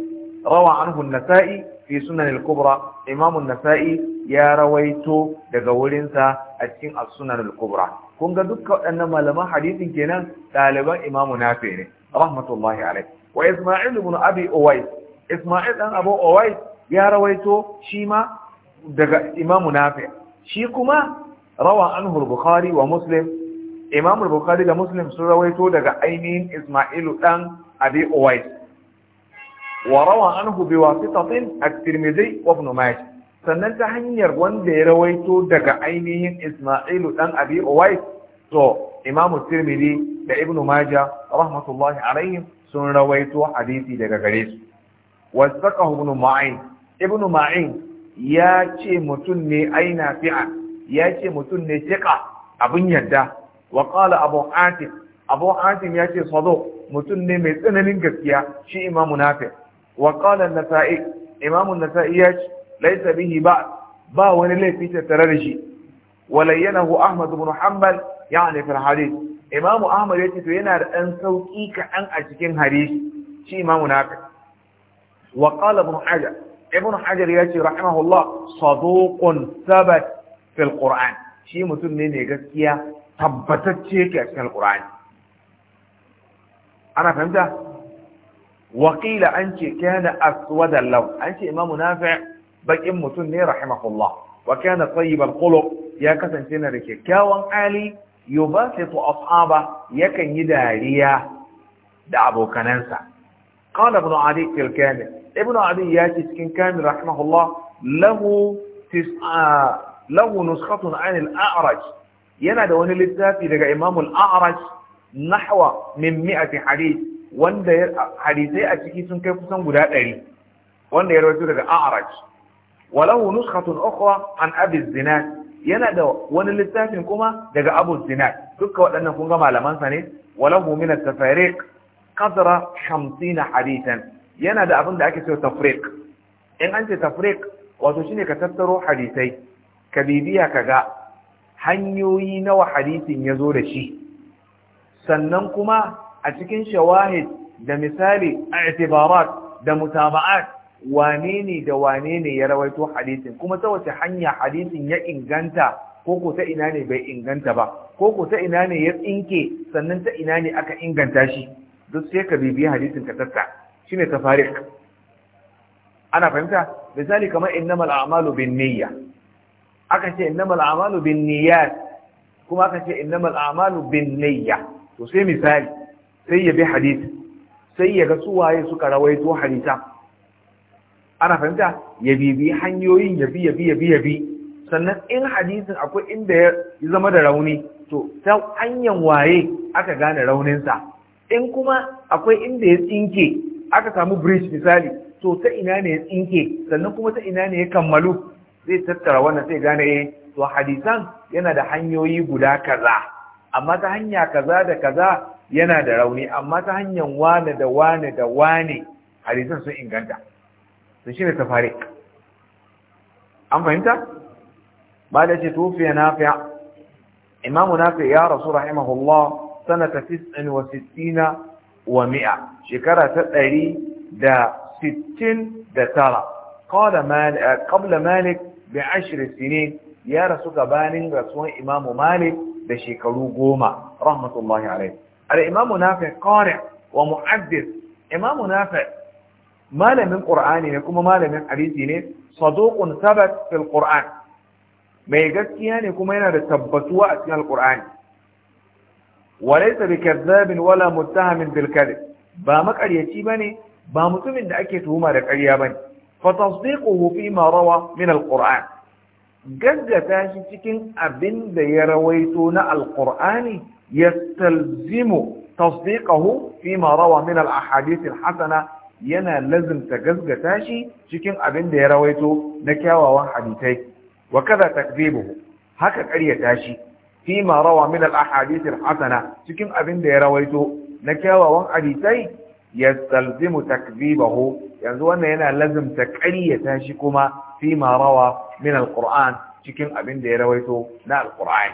rawa anhu an-nasa'i fi sunan al-kubra imam an-nasa'i ya rawaito daga wurinsa a cikin Asunan al-kubra kun ga dukkan waɗannan malaman hadisin kenan ɗaliban imamu nafi ne rahmatullahi alai. wa isma'il ibn abi uwais isma'il dan abu uwais ya rawaito shi ma daga imamu nafi shi kuma rawa anhu al-bukhari wa muslim imamu al-bukhari da muslim sun rawaito daga ainihin isma'ilu dan abi uwais وروى عنه بواسطة الترمذي وابن ماجه sannan ta hanyar wanda ya rawaito daga ainihin Isma'ilu dan Abi Uwais to Imam Tirmidhi da Ibn Majah rahmatullahi alaihim sun rawaito hadisi daga gare su wasaqahu Ibn Ma'in Ibn Ma'in ya ce mutum ne aina fi'a ya ce mutum ne tiqa abin yadda wa qala Abu Atim Abu Atim ya ce sado mutum ne mai tsananin gaskiya shi Imam Nafi wa qala An-Nasa'i Imam An-Nasa'i ya ce ليس به بعد با ونلي في تترجي ولينه أحمد بن محمد يعني في الحديث إمام أحمد يتفين أن سوكيك أن أشكين حديث شي إمام هناك وقال ابن حجر ابن حجر يتي رحمه الله صدوق ثبت في القرآن شي متنين يقسكيا ثبتت شيك أشكين القرآن أنا فهمت وقيل أنت كان أسود اللون أنت إمام نافع bakin mutum ne rahimahullah wa kana tayyibal qulub ya kasance na da kyakkyawan ali yubasitu ashaba yakan yi dariya da abokanansa qala ibn adi fil ibn adi ya ce cikin kamin rahimahullah lahu tis'a lahu nuskhatun an al-a'raj yana da wani littafi daga imam al-a'raj nahwa min mi'ati hadith wanda hadisai a ciki sun kai kusan guda 100 wanda ya rawaito daga a'raj walahu nuskhatun ukhra an abi zinad yana da wani littafin kuma daga abu zinad dukkan waɗannan kun ga malaman sa ne walahu min at-tafariq qadra 50 hadithan yana da abin da ake cewa tafriq in an ce tafriq wato shine ka tattaro hadisai ka bibiya kaga hanyoyi nawa hadisin ya zo da shi sannan kuma a cikin shawahid da misali a itibarat da mutaba'at wane ne da wane ne ya rawaito hadisin kuma ta wace hanya hadisin ya inganta ko ko ta ina ne bai inganta ba ko ko ta ina ne ya tsinke sannan ta ina ne aka inganta shi duk sai ka bibiya hadisin ka tatta shine tafarik ana fahimta misali kamar innamal a'malu binniyya aka ce innamal a'malu binniyat kuma aka ce innamal a'malu binniyya to sai misali sai ya bi hadisi sai ya ga suwaye suka rawaito hadisa ana fahimta ya bibi hanyoyin ya bi ya bi ya bi ya bi sannan in hadisin akwai inda ya zama da rauni to ta hanyar waye aka gane rauninsa in kuma akwai inda ya tsinke aka samu bridge misali to ta ina ne ya tsinke sannan kuma ta ina ne ya kammalu zai tattara wannan sai gane eh to hadisan yana da hanyoyi guda kaza amma ta hanya kaza da kaza yana da rauni amma ta hanyar wane da wane da wane hadisan sun inganta to shine tafarik an fahimta ba da ce tufiya nafi'a imamu nafi ya rasu rahimahullah sanata 69 wa mi'a shekara ta ɗari da sittin da tara ƙabla malik bi ashirin sinin ya rasu gabanin rasuwan imamu malik da shekaru goma rahmatullahi alai al'imamu nafi ƙari wa mu'addis imamu nafi malamin qur'ani ne kuma malamin hadisi ne saduqun sabat fil qur'an mai gaskiya ne kuma yana da tabbatuwa a cikin alqur'ani walaysa bikazzabin wala muttahamin bil kadhib ba makaryaci bane ba mutumin da ake tuhuma da ƙarya bane fa tasdiquhu fi ma rawa min alqur'an gaggata shi cikin abin da ya rawaito na alqur'ani yastalzimu tasdiquhu fi ma rawa min al ahadith al hasana yana lazimta gasgata shi cikin abin da ya rawaito na kyawawan hadisai wa kada takzibuhu haka ƙaryata shi fi ma rawa min al ahadith al hasana cikin abin da ya rawaito na kyawawan hadisai yastalzimu takzibahu yanzu wannan yana lazimta ƙaryata shi kuma fi ma rawa min al qur'an cikin abin da ya rawaito na al qur'an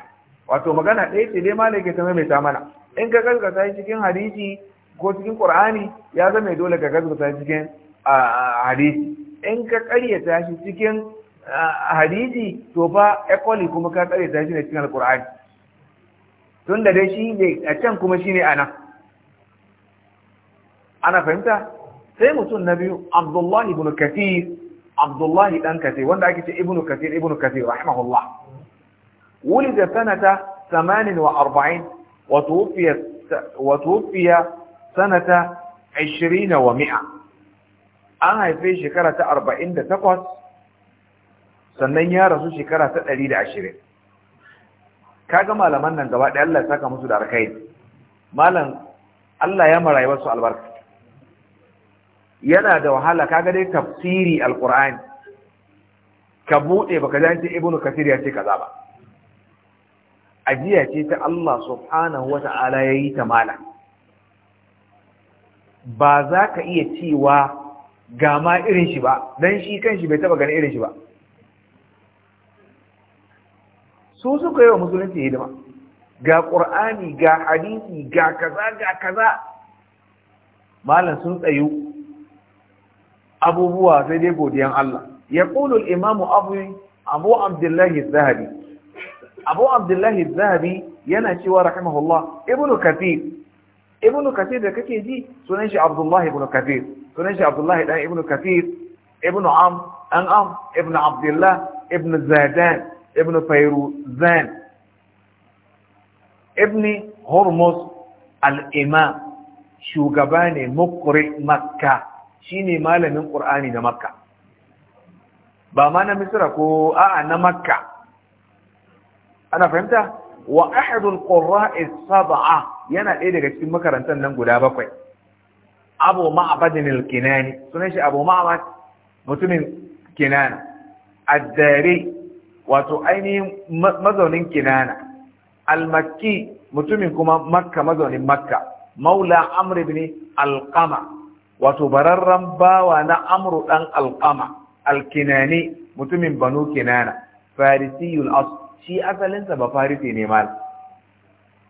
wato magana ɗaya ce dai malaka ta mai ta mana in ka shi cikin hadisi ko cikin qur'ani ya zama dole ka gazgata cikin hadisi in ka karyata shi cikin hadisi to fa ekoli kuma ka karyata shi ne cikin alqur'ani da dai shi ne a can kuma shine ana ana fahimta sai mutum na biyu abdullahi ibn kathir abdullahi dan kathir wanda ake ce ibn kathir ibn kathir rahimahullah ولد سنة 48 وتوفي وتوفي sanata 20 wa mi'a an haife shekara ta 48 sannan ya rasu shekara ta 120 kaga malaman nan gaba ɗaya Allah ya saka musu da alkhairi malam Allah ya marayi wasu albarka yana da wahala kaga dai tafsiri alkur'ani ka buɗe baka ji ibnu kasir ya ce kaza ba ajiya ce ta Allah subhanahu wa ta'ala ya yi ta malam. ba za ka iya cewa ga ma irin shi ba don shi kan shi bai taba ganin irin shi ba su suka yi wa musulunci hidima ga ƙur'ani ga hadisi ga kaza ga kaza malam sun tsayu abubuwa sai dai godiyan Allah ya ƙulu imamu abu abu abdullahi zahabi abu abdullahi zahabi yana cewa rahimahullah ibnu kathir ibnu kathir da kake ji sunan shi abdullahi ibnu kathir sunan shi abdullahi dan ibnu kathir ibnu am an am ibnu abdullah ibnu zadan ibnu fayruzan ibni hormuz al-imam shugaba ne mukri makka shine malamin qur'ani na makka ba ma na misra ko a'a na makka ana fahimta wa ahadul qurra'i sab'a yana ɗaya daga cikin makarantar nan guda bakwai abu ma'abadin al-kinani sunan shi abu ma'abad mutumin kinana addare wato ainihin mazaunin kinana al-makki mutumin kuma makka mazaunin makka maula amr ibn al-qama wato bararran bawa na amru dan al-qama al-kinani mutumin banu kinana farisiyul as shi asalinsa ba farisi ne mal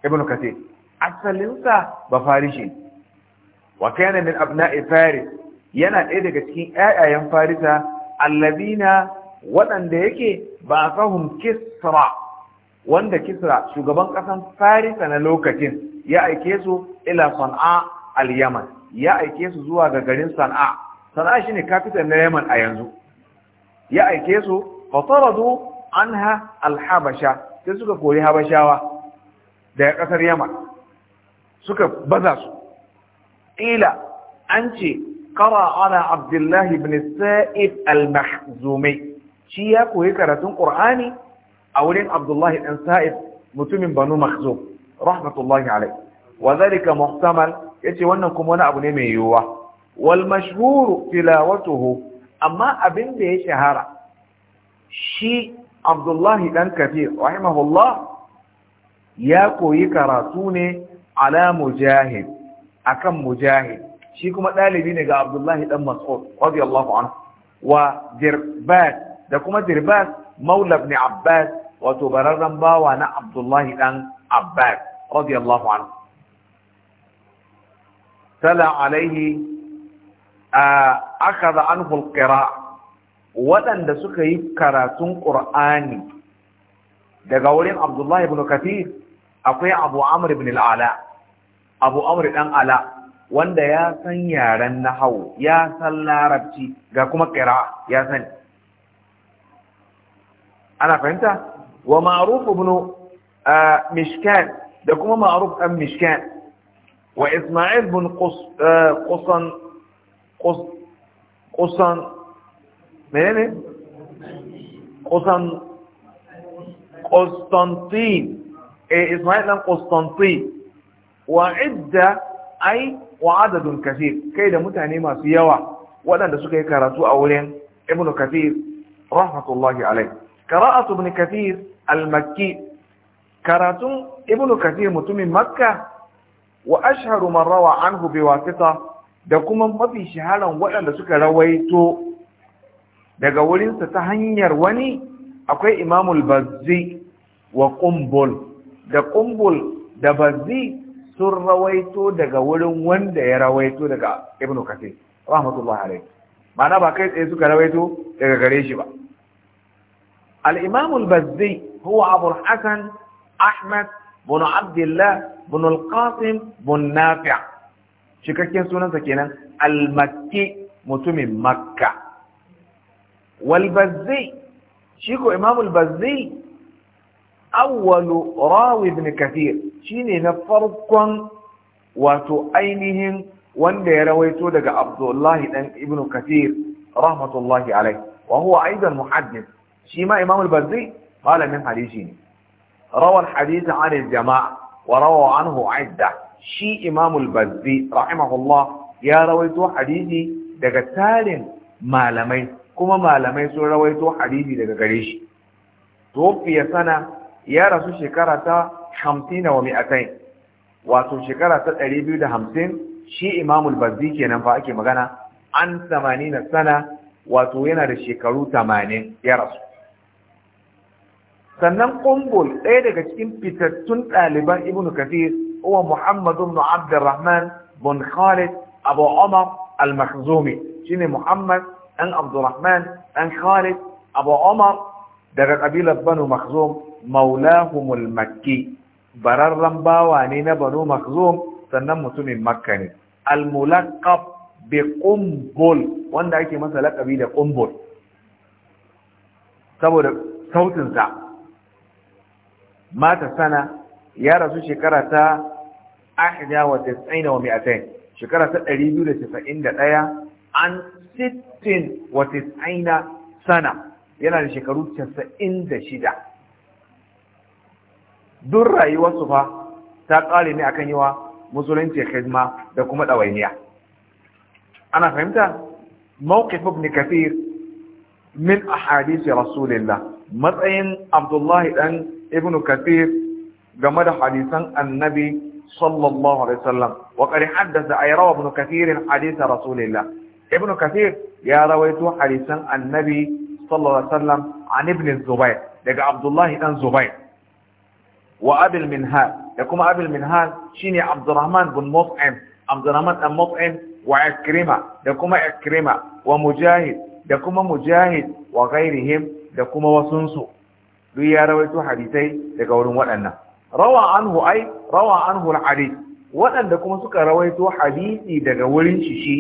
ibn kathir asalinsa ba farishi wa kana min abna'i faris yana ɗaya daga cikin ƴaƴayen farisa allazina waɗanda yake ba sahum kisra wanda kisra shugaban ƙasan farisa na lokacin ya aike su ila san'a al-yaman ya aike su zuwa ga garin san'a san'a shine capital na yaman a yanzu ya aike su fataradu anha al-habasha sai suka kori habashawa daga ƙasar yaman suka baza su ƙila an ce ƙara ana abdullahi bin sa'id al-mahzumai shi ya koyi karatun ƙur'ani a wurin abdullahi ɗan sa'id mutumin banu mahzum rahmatullahi alai wa zalika muhtamal yace wannan kuma wani abu ne mai yiwuwa wal mashhur tilawatuhu amma abin da ya shahara shi abdullahi ɗan kafir rahimahullah ya koyi karatu ne ala mujahid akan mujahid shi kuma ɗalibi ne ga abdullahi ɗan mas'ud radiyallahu anhu wa da kuma dirbas maula ibn abbas wato bararren bawa na abdullahi ɗan abbas radiyallahu anhu tala alaihi akhadha anhu alqira waɗanda suka yi karatun qur'ani daga wurin abdullahi ibn kathir akwai abu amr ibn al’ala abu amr dan ala wanda ya san yaren nahawu ya san larabci ga kuma qira'a ya san ana fahimta wa ma'ruf ibn mishkan da kuma ma'ruf dan mishkan wa isma'il ibn qusan qusan menene qusan Constantine eh Ismail dan Qustanti wa idda ai wa adadun kathir kai da mutane masu yawa waɗanda suka yi karatu a wurin Ibn Kathir rahmatullahi alayh qira'atu Ibn Kathir al-Makki karatun Ibn Kathir mutumin Makka wa ashharu man rawa anhu biwasita da kuma mafi shaharan waɗanda suka rawaito daga wurinsa ta hanyar wani akwai imamul bazzi wa ƙumbul da ƙumbul da bazzi sun rawaito daga wurin wanda ya rawaito daga ibn kasir rahmatullah alaihi ma'ana ba kai tsaye suka rawaito daga gare shi ba al imamul huwa abu hasan ahmad bin abdullah bin al-qasim bin nafi' cikakken sunansa kenan al-makki mutumin makka wal bazzi shi ko imamul al أول راوي ابن كثير شيني نفرق واتو أينهم واندي رويتو لك عبد الله ابن كثير رحمة الله عليه وهو أيضا محدث شيما إمام البرزي قال من حديثيني روى الحديث عن الجماعة وروى عنه عدة شي إمام البرزي رحمه الله يا رويتو حديثي لك تالي ما لمين كما ما لمين سو رويتو حديثي لك قريش توفي سنة ya rasu shekara ta hamsin wa mi'atain wato shekara ta ɗari biyu da hamsin shi imamul bazzi kenan fa ake magana an na sana wato yana da shekaru tamanin ya rasu sannan kumbul ɗaya daga cikin fitattun ɗaliban ibnu kathir uwa muhammadu ibn abdurrahman bin khalid abu umar al-makhzumi shine muhammad ɗan abdurrahman ɗan khalid abu umar daga ƙabilar banu makhzum maulahumul makki bararren bawa ne na banu makhzum sannan mutumin makka ne al-mulaqab bi qumbul wanda ake masa lakabi da qumbul saboda sautinsa mata sana ya rasu shekara ta ahida wa tis'ina wa mi'atain shekara ta 291 an sittin wa tis'ina sana yana da shekaru 96 duk rayuwarsu fa ta ƙare ne akan yawa musulunci hidima da kuma ɗawainiya ana fahimta mawqif ibn kathir min ahadisi rasulillah matsayin abdullahi dan ibn kathir game da hadisan annabi sallallahu alaihi wasallam wa qad haddatha ay rawa ibn kathir hadisa rasulillah ibn kathir ya rawaito hadisan annabi sallallahu alaihi wasallam an ibn zubair daga abdullahi dan zubair wa abil minhal da kuma abil minhal shine abdurrahman bin mut'im abdurrahman dan mut'im wa ikrima da kuma ikrima wa mujahid da kuma mujahid wa ghairihim da kuma wasunsu duk ya rawaito hadisai daga wurin waɗannan rawa anhu ai rawa anhu al-hadith waɗanda kuma suka rawaito hadisi daga wurin shi shi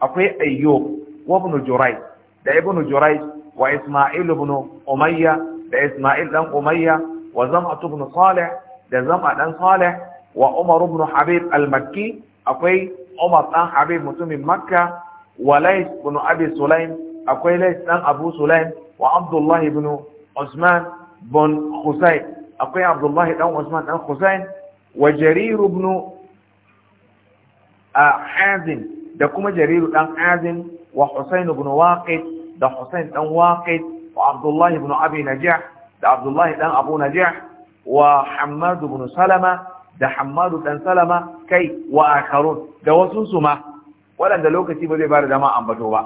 akwai ayyub wa ibn jurayj da ibn jurayj wa isma'il ibn umayya da isma'il dan umayya wa zama ibn salih da zama dan salih wa umar ibn habib al-makki akwai umar dan habib mutumin makka wa lais ibn abi sulaim akwai lais dan abu sulaim wa abdullah ibn usman bin husayn akwai abdullah dan usman dan husayn wa jarir ibn ah, azin da kuma jariru dan azin wa husayn ibn waqid da husayn dan waqid wa abdullah ibn abi najah da Abdullahi dan Abu Najih wa Hammad ibn Salama da Hammad dan Salama kai wa akharun da wasu su ma waɗanda lokaci ba zai bada dama ambato ba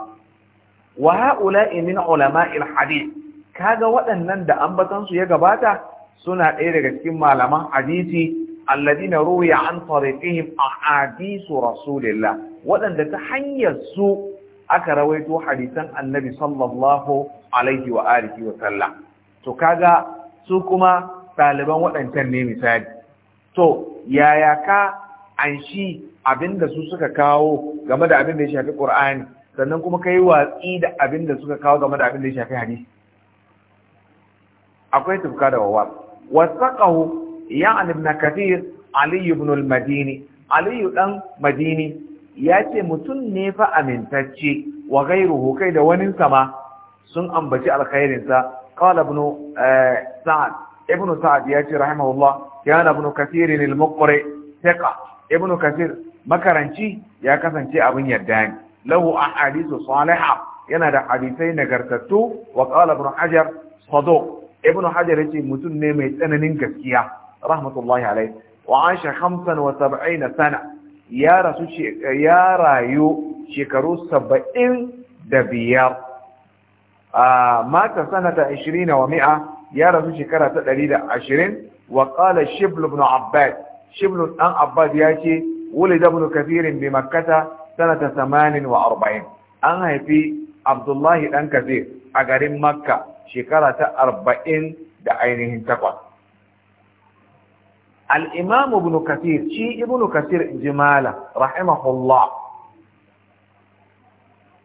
wa haula'i min ulama'il hadith kaga waɗannan da ambatan su ya gabata suna ɗaya daga cikin malaman hadisi alladina ruwiya an tariqihim ahadisu rasulillah waɗanda ta hanyar su aka rawaito hadisan annabi sallallahu alaihi wa alihi wa sallam to kaga su kuma ɗaliban waɗancan ne misali to yaya ka anshi abin da su suka kawo game da abin da ya shafi ƙur'ani sannan kuma ka yi watsi da abin da suka kawo game da abin da ya shafi hadisi akwai tufka da wawa Wasu ya ya'ni na kafir Aliyu ibn al-madini Aliyu dan madini ya ce mutum ne fa amintacce wa gairu kai da wani sama sun ambaci alkhairinsa qala ibn sa'ad ibn sa'ad ya ce rahimahullah kana ibn kathir al-muqri thiqa ibn kathir makaranci ya kasance abin yarda ne lahu ahadithu salihah yana da hadisai nagartattu wa qala ibn hajar saduq ibn hajar yace mutum ne mai tsananin gaskiya rahmatullahi alayhi wa aisha 75 sana ya ya rayu shekaru biyar. mata sanata 20 wa mi'a ya rasu shekara ta 120 wa qala shibl ibn abbad shibl dan abbad ya ce wulida ibn kathir bi makkah sanata 48 an haifi abdullahi dan kathir a garin makka shekara ta 40 da ainihin takwas al-imam ibn kathir shi ibn kathir jimala rahimahullah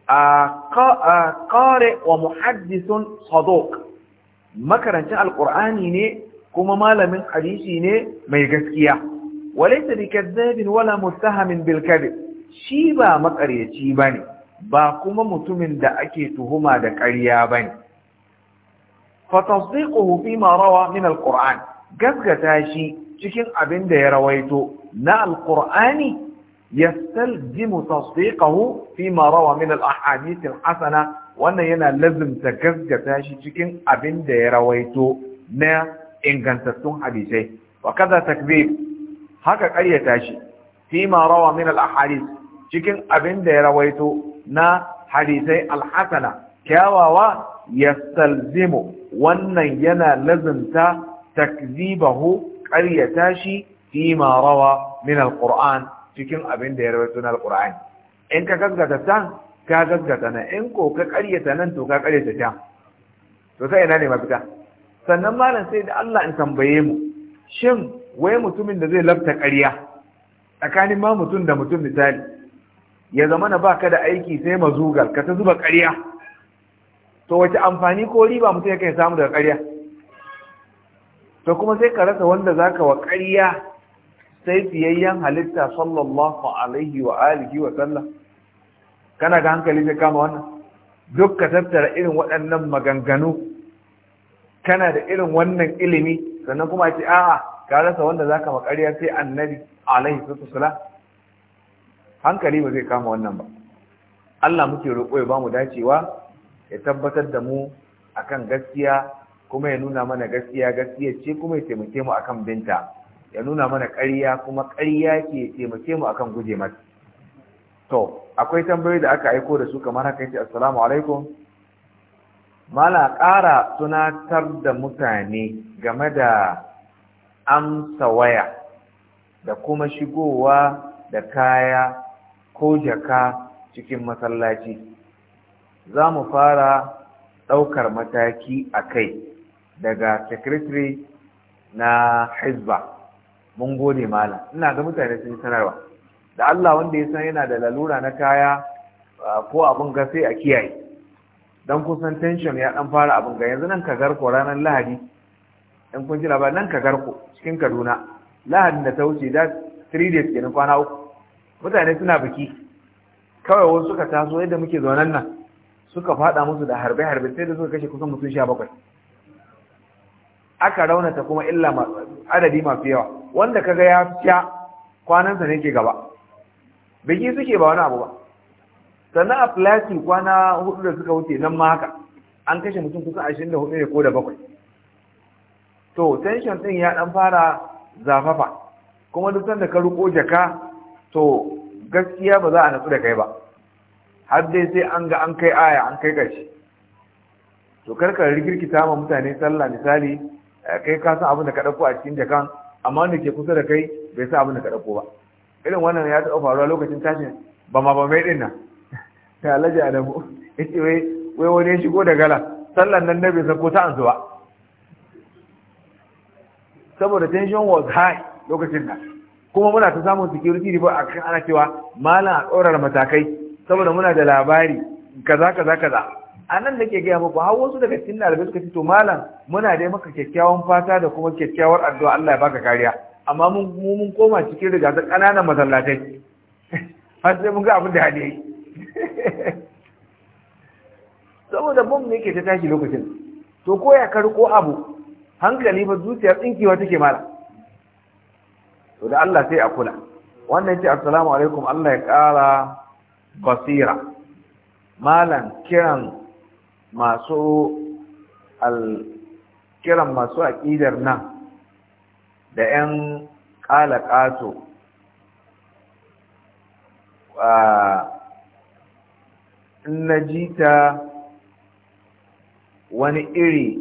ƙare wa muhaddisun saduq makarancin Alƙur'ani ne kuma malamin hadisi ne mai gaskiya walaysa bikadzabin wala muttahamin bil shi ba makaryaci ne, ba kuma mutumin da ake tuhuma da ƙarya ba ne. tasdiquhu hufi marawa min alqur'an gaskata shi cikin abin da ya rawaito na Alƙur'ani? يستلزم تصديقه فيما روى من الأحاديث الحسنة وأن ينا لازم تكذجة شكين أبن دي رويتو نا إن كانت حديثي وكذا تكذيب هكا قرية تاشي فيما روى من الأحاديث شكين أبن دي رويتو نا حديثي الحسنة كاواوا يستلزم وأن ينا لازم تكذيبه قرية تاشي فيما روى من القرآن cikin abin da ya rawaito na alqur'ani in ka gaskata ta ka gaskata nan in ko ka karyata nan to ka karyata ta to sai ina ne mafita sannan malam sai da Allah in tambaye mu shin wai mutumin da zai lafta ƙarya tsakanin ma mutum da mutum misali ya zama na baka da aiki sai mazugal ka ta zuba ƙarya to wace amfani ko riba mutum ya kai samu daga ƙarya to kuma sai ka rasa wanda zaka wa ƙarya sai siyayyen halitta sallallahu alaihi wa alihi wa sallam kana ga hankali zai kama wannan duk ka tattara irin waɗannan maganganu kana da irin wannan ilimi sannan kuma ce a'a ka rasa wanda zaka makariya sai annabi alaihi sallam hankali ba zai kama wannan ba Allah muke roƙo ya bamu dacewa ya tabbatar da mu akan gaskiya kuma ya nuna mana gaskiya gaskiya ce kuma ya taimake mu akan binta ya nuna mana ƙarya kuma ƙarya ke taimake mu akan guje mata to akwai tambayoyi da aka aiko da su kamar haka yace assalamu alaikum mala ƙara tunatar da mutane game da amsa waya da kuma shigowa da kaya ko jaka cikin masallaci za mu fara ɗaukar mataki a kai daga secretary na hizba mun gode malam ina ga mutane sun sanarwa da Allah wanda ya san yana da lalura na kaya ko abin ga sai a kiyaye dan kusan tension ya dan fara abin ga yanzu nan ka garko ranar Lahadi in kun ji labarin nan ka garko cikin Kaduna Lahadin da ta wuce da 3 days kenan kwana uku mutane suna biki kawai wasu suka taso yadda muke zaunan nan suka fada musu da harbe-harbe sai da suka kashe kusan mutum 17 aka raunata kuma illa adadi masu yawa wanda kaga ya sha kwanansa ne ke gaba biki suke ba wani abu ba sannan a filati kwana hudu da suka wuce nan ma haka an kashe mutum kusan ashirin da hudu ne ko da bakwai to tension din ya dan fara zafafa kuma duk sanda ka ruko jaka to gaskiya ba za a natsu da kai ba har dai sai an ga an kai aya an kai ƙarshe to karkar rigirkita ma mutane sallah misali eh, kai ka san abin da ka ɗauko a cikin jakan amma wanda ke kusa da kai bai sa abin da ka ɗauko ba irin wannan ya taɓa faruwa lokacin tashin ba ma ba mai ɗin nan ta a adamu ita wai wai wani ya shigo da gala sallan nan na bai sako ta ansu ba saboda tension was high lokacin nan kuma muna ta samun security report kan ana cewa malam a tsorar matakai saboda muna da labari kaza kaza kaza a nan nake gaya muku har wasu daga cikin da suka ce to malam muna dai maka kyakkyawan fata da kuma kyakkyawar addu'a Allah ya baka kariya amma mun mun koma cikin rigasar ƙananan masallatai har sai mun ga abin da hadi yi saboda bom ne ke ta tashi lokacin to ko ya karko abu hankali ba zuciyar tsinkewa take mala to da Allah sai a kula wannan ce assalamu alaikum Allah ya ƙara basira malam kiran masu kiran masu aƙidar nan da 'yan ƙalaƙato in na wani iri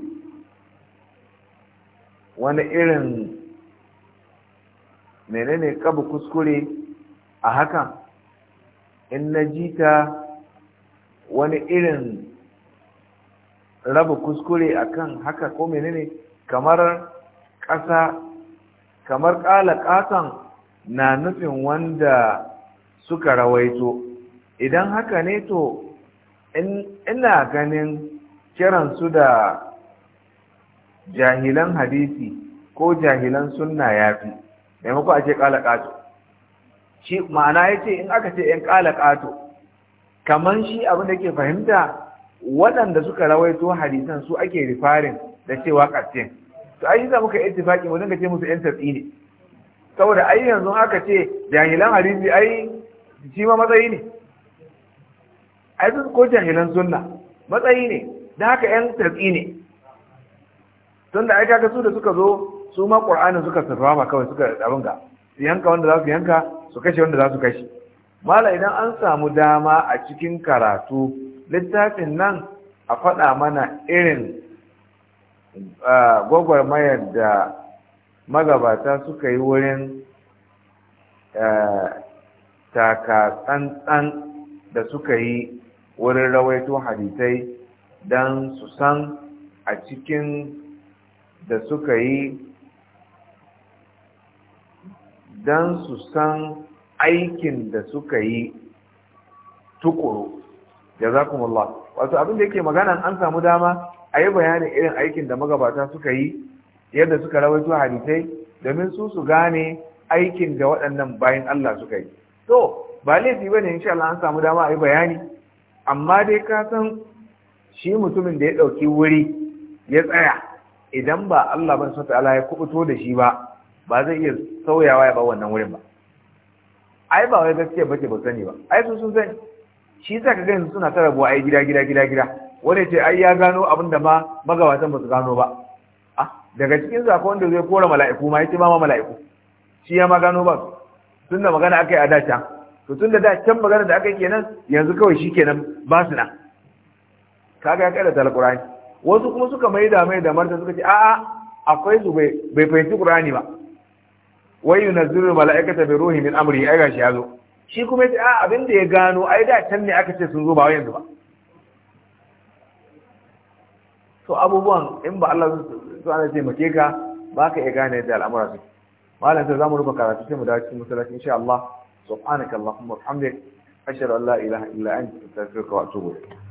wani irin menene kaba kuskure a hakan in na wani irin raba kuskure akan haka ko menene kamar ƙasa kamar ƙala ƙasan na nufin wanda suka rawaito idan haka ne to ina ganin kiransu da jahilan hadisi ko jahilan sunna ya fi maimako a ce ƙala ƙato ma'ana ya ce in aka ce ‘yan ƙala ƙato kamar shi abinda da ke fahimta waɗanda suka rawaito hadisan su ake rifarin da cewa ƙarshen to ai yasa muka ittifaki mu dinga ce musu yan tatsi ne saboda ai yanzu haka ce jahilan hadisi ai shi ma matsayi ne ai sun ko jahilan sunna matsayi ne da haka yan tatsi ne tunda ai kaga su da suka zo su ma qur'anin suka sarrafa kawai suka abin ga su yanka wanda za su yanka su kashe wanda za su kashe mala idan an samu dama a cikin karatu littafin nan a faɗa mana irin gwagwarmayar da magabata suka yi wurin taka tsantsan da suka yi wurin rawaito hadisai don su san a cikin da suka yi don su san aikin da suka yi tukuru jazakumullah wato abin da yake magana an samu dama a yi bayanin irin aikin da magabata suka yi yadda suka rawaito hadisai domin su su gane aikin da waɗannan bayan Allah suka yi to ba laifi bane insha Allah an samu dama a yi bayani amma dai ka san shi mutumin da ya ɗauki wuri ya tsaya idan ba Allah ba sata Allah ya kubuto da shi ba ba zai iya sauyawa ya ba wannan wurin ba ai ba wai gaskiya bace ba sani ba ai su sun sani shi za ka gani suna ta rabuwa ai gida gida gida gida wani ce ai ya gano abin da ma magabatan ba su gano ba ah daga cikin zaka wanda zai kora mala'iku ma yace ma ma mala'iku shi ya ma gano ba tun da magana aka yi a dace to tun da can magana da aka kenan yanzu kawai shi kenan ba su na kaga ya kaida alqur'ani wasu kuma suka mai da mai da marta suka ce a'a akwai su bai fahimci qur'ani ba wai yunazzilu mala'ikata bi ruhi min amri ai gashi yazo shi kuma ya ah, abin da ya gano ai da can ne aka ce sun zo ba wa yanzu ba to abubuwan in ba Allah su ana ce mace ka ba ka iya gane da al'amura su malam sai zamu rufe karatu sai mu dawo cikin masallaci insha Allah subhanakallahumma wa bihamdik ashhadu an la ilaha illa anta astaghfiruka wa atubu ilayk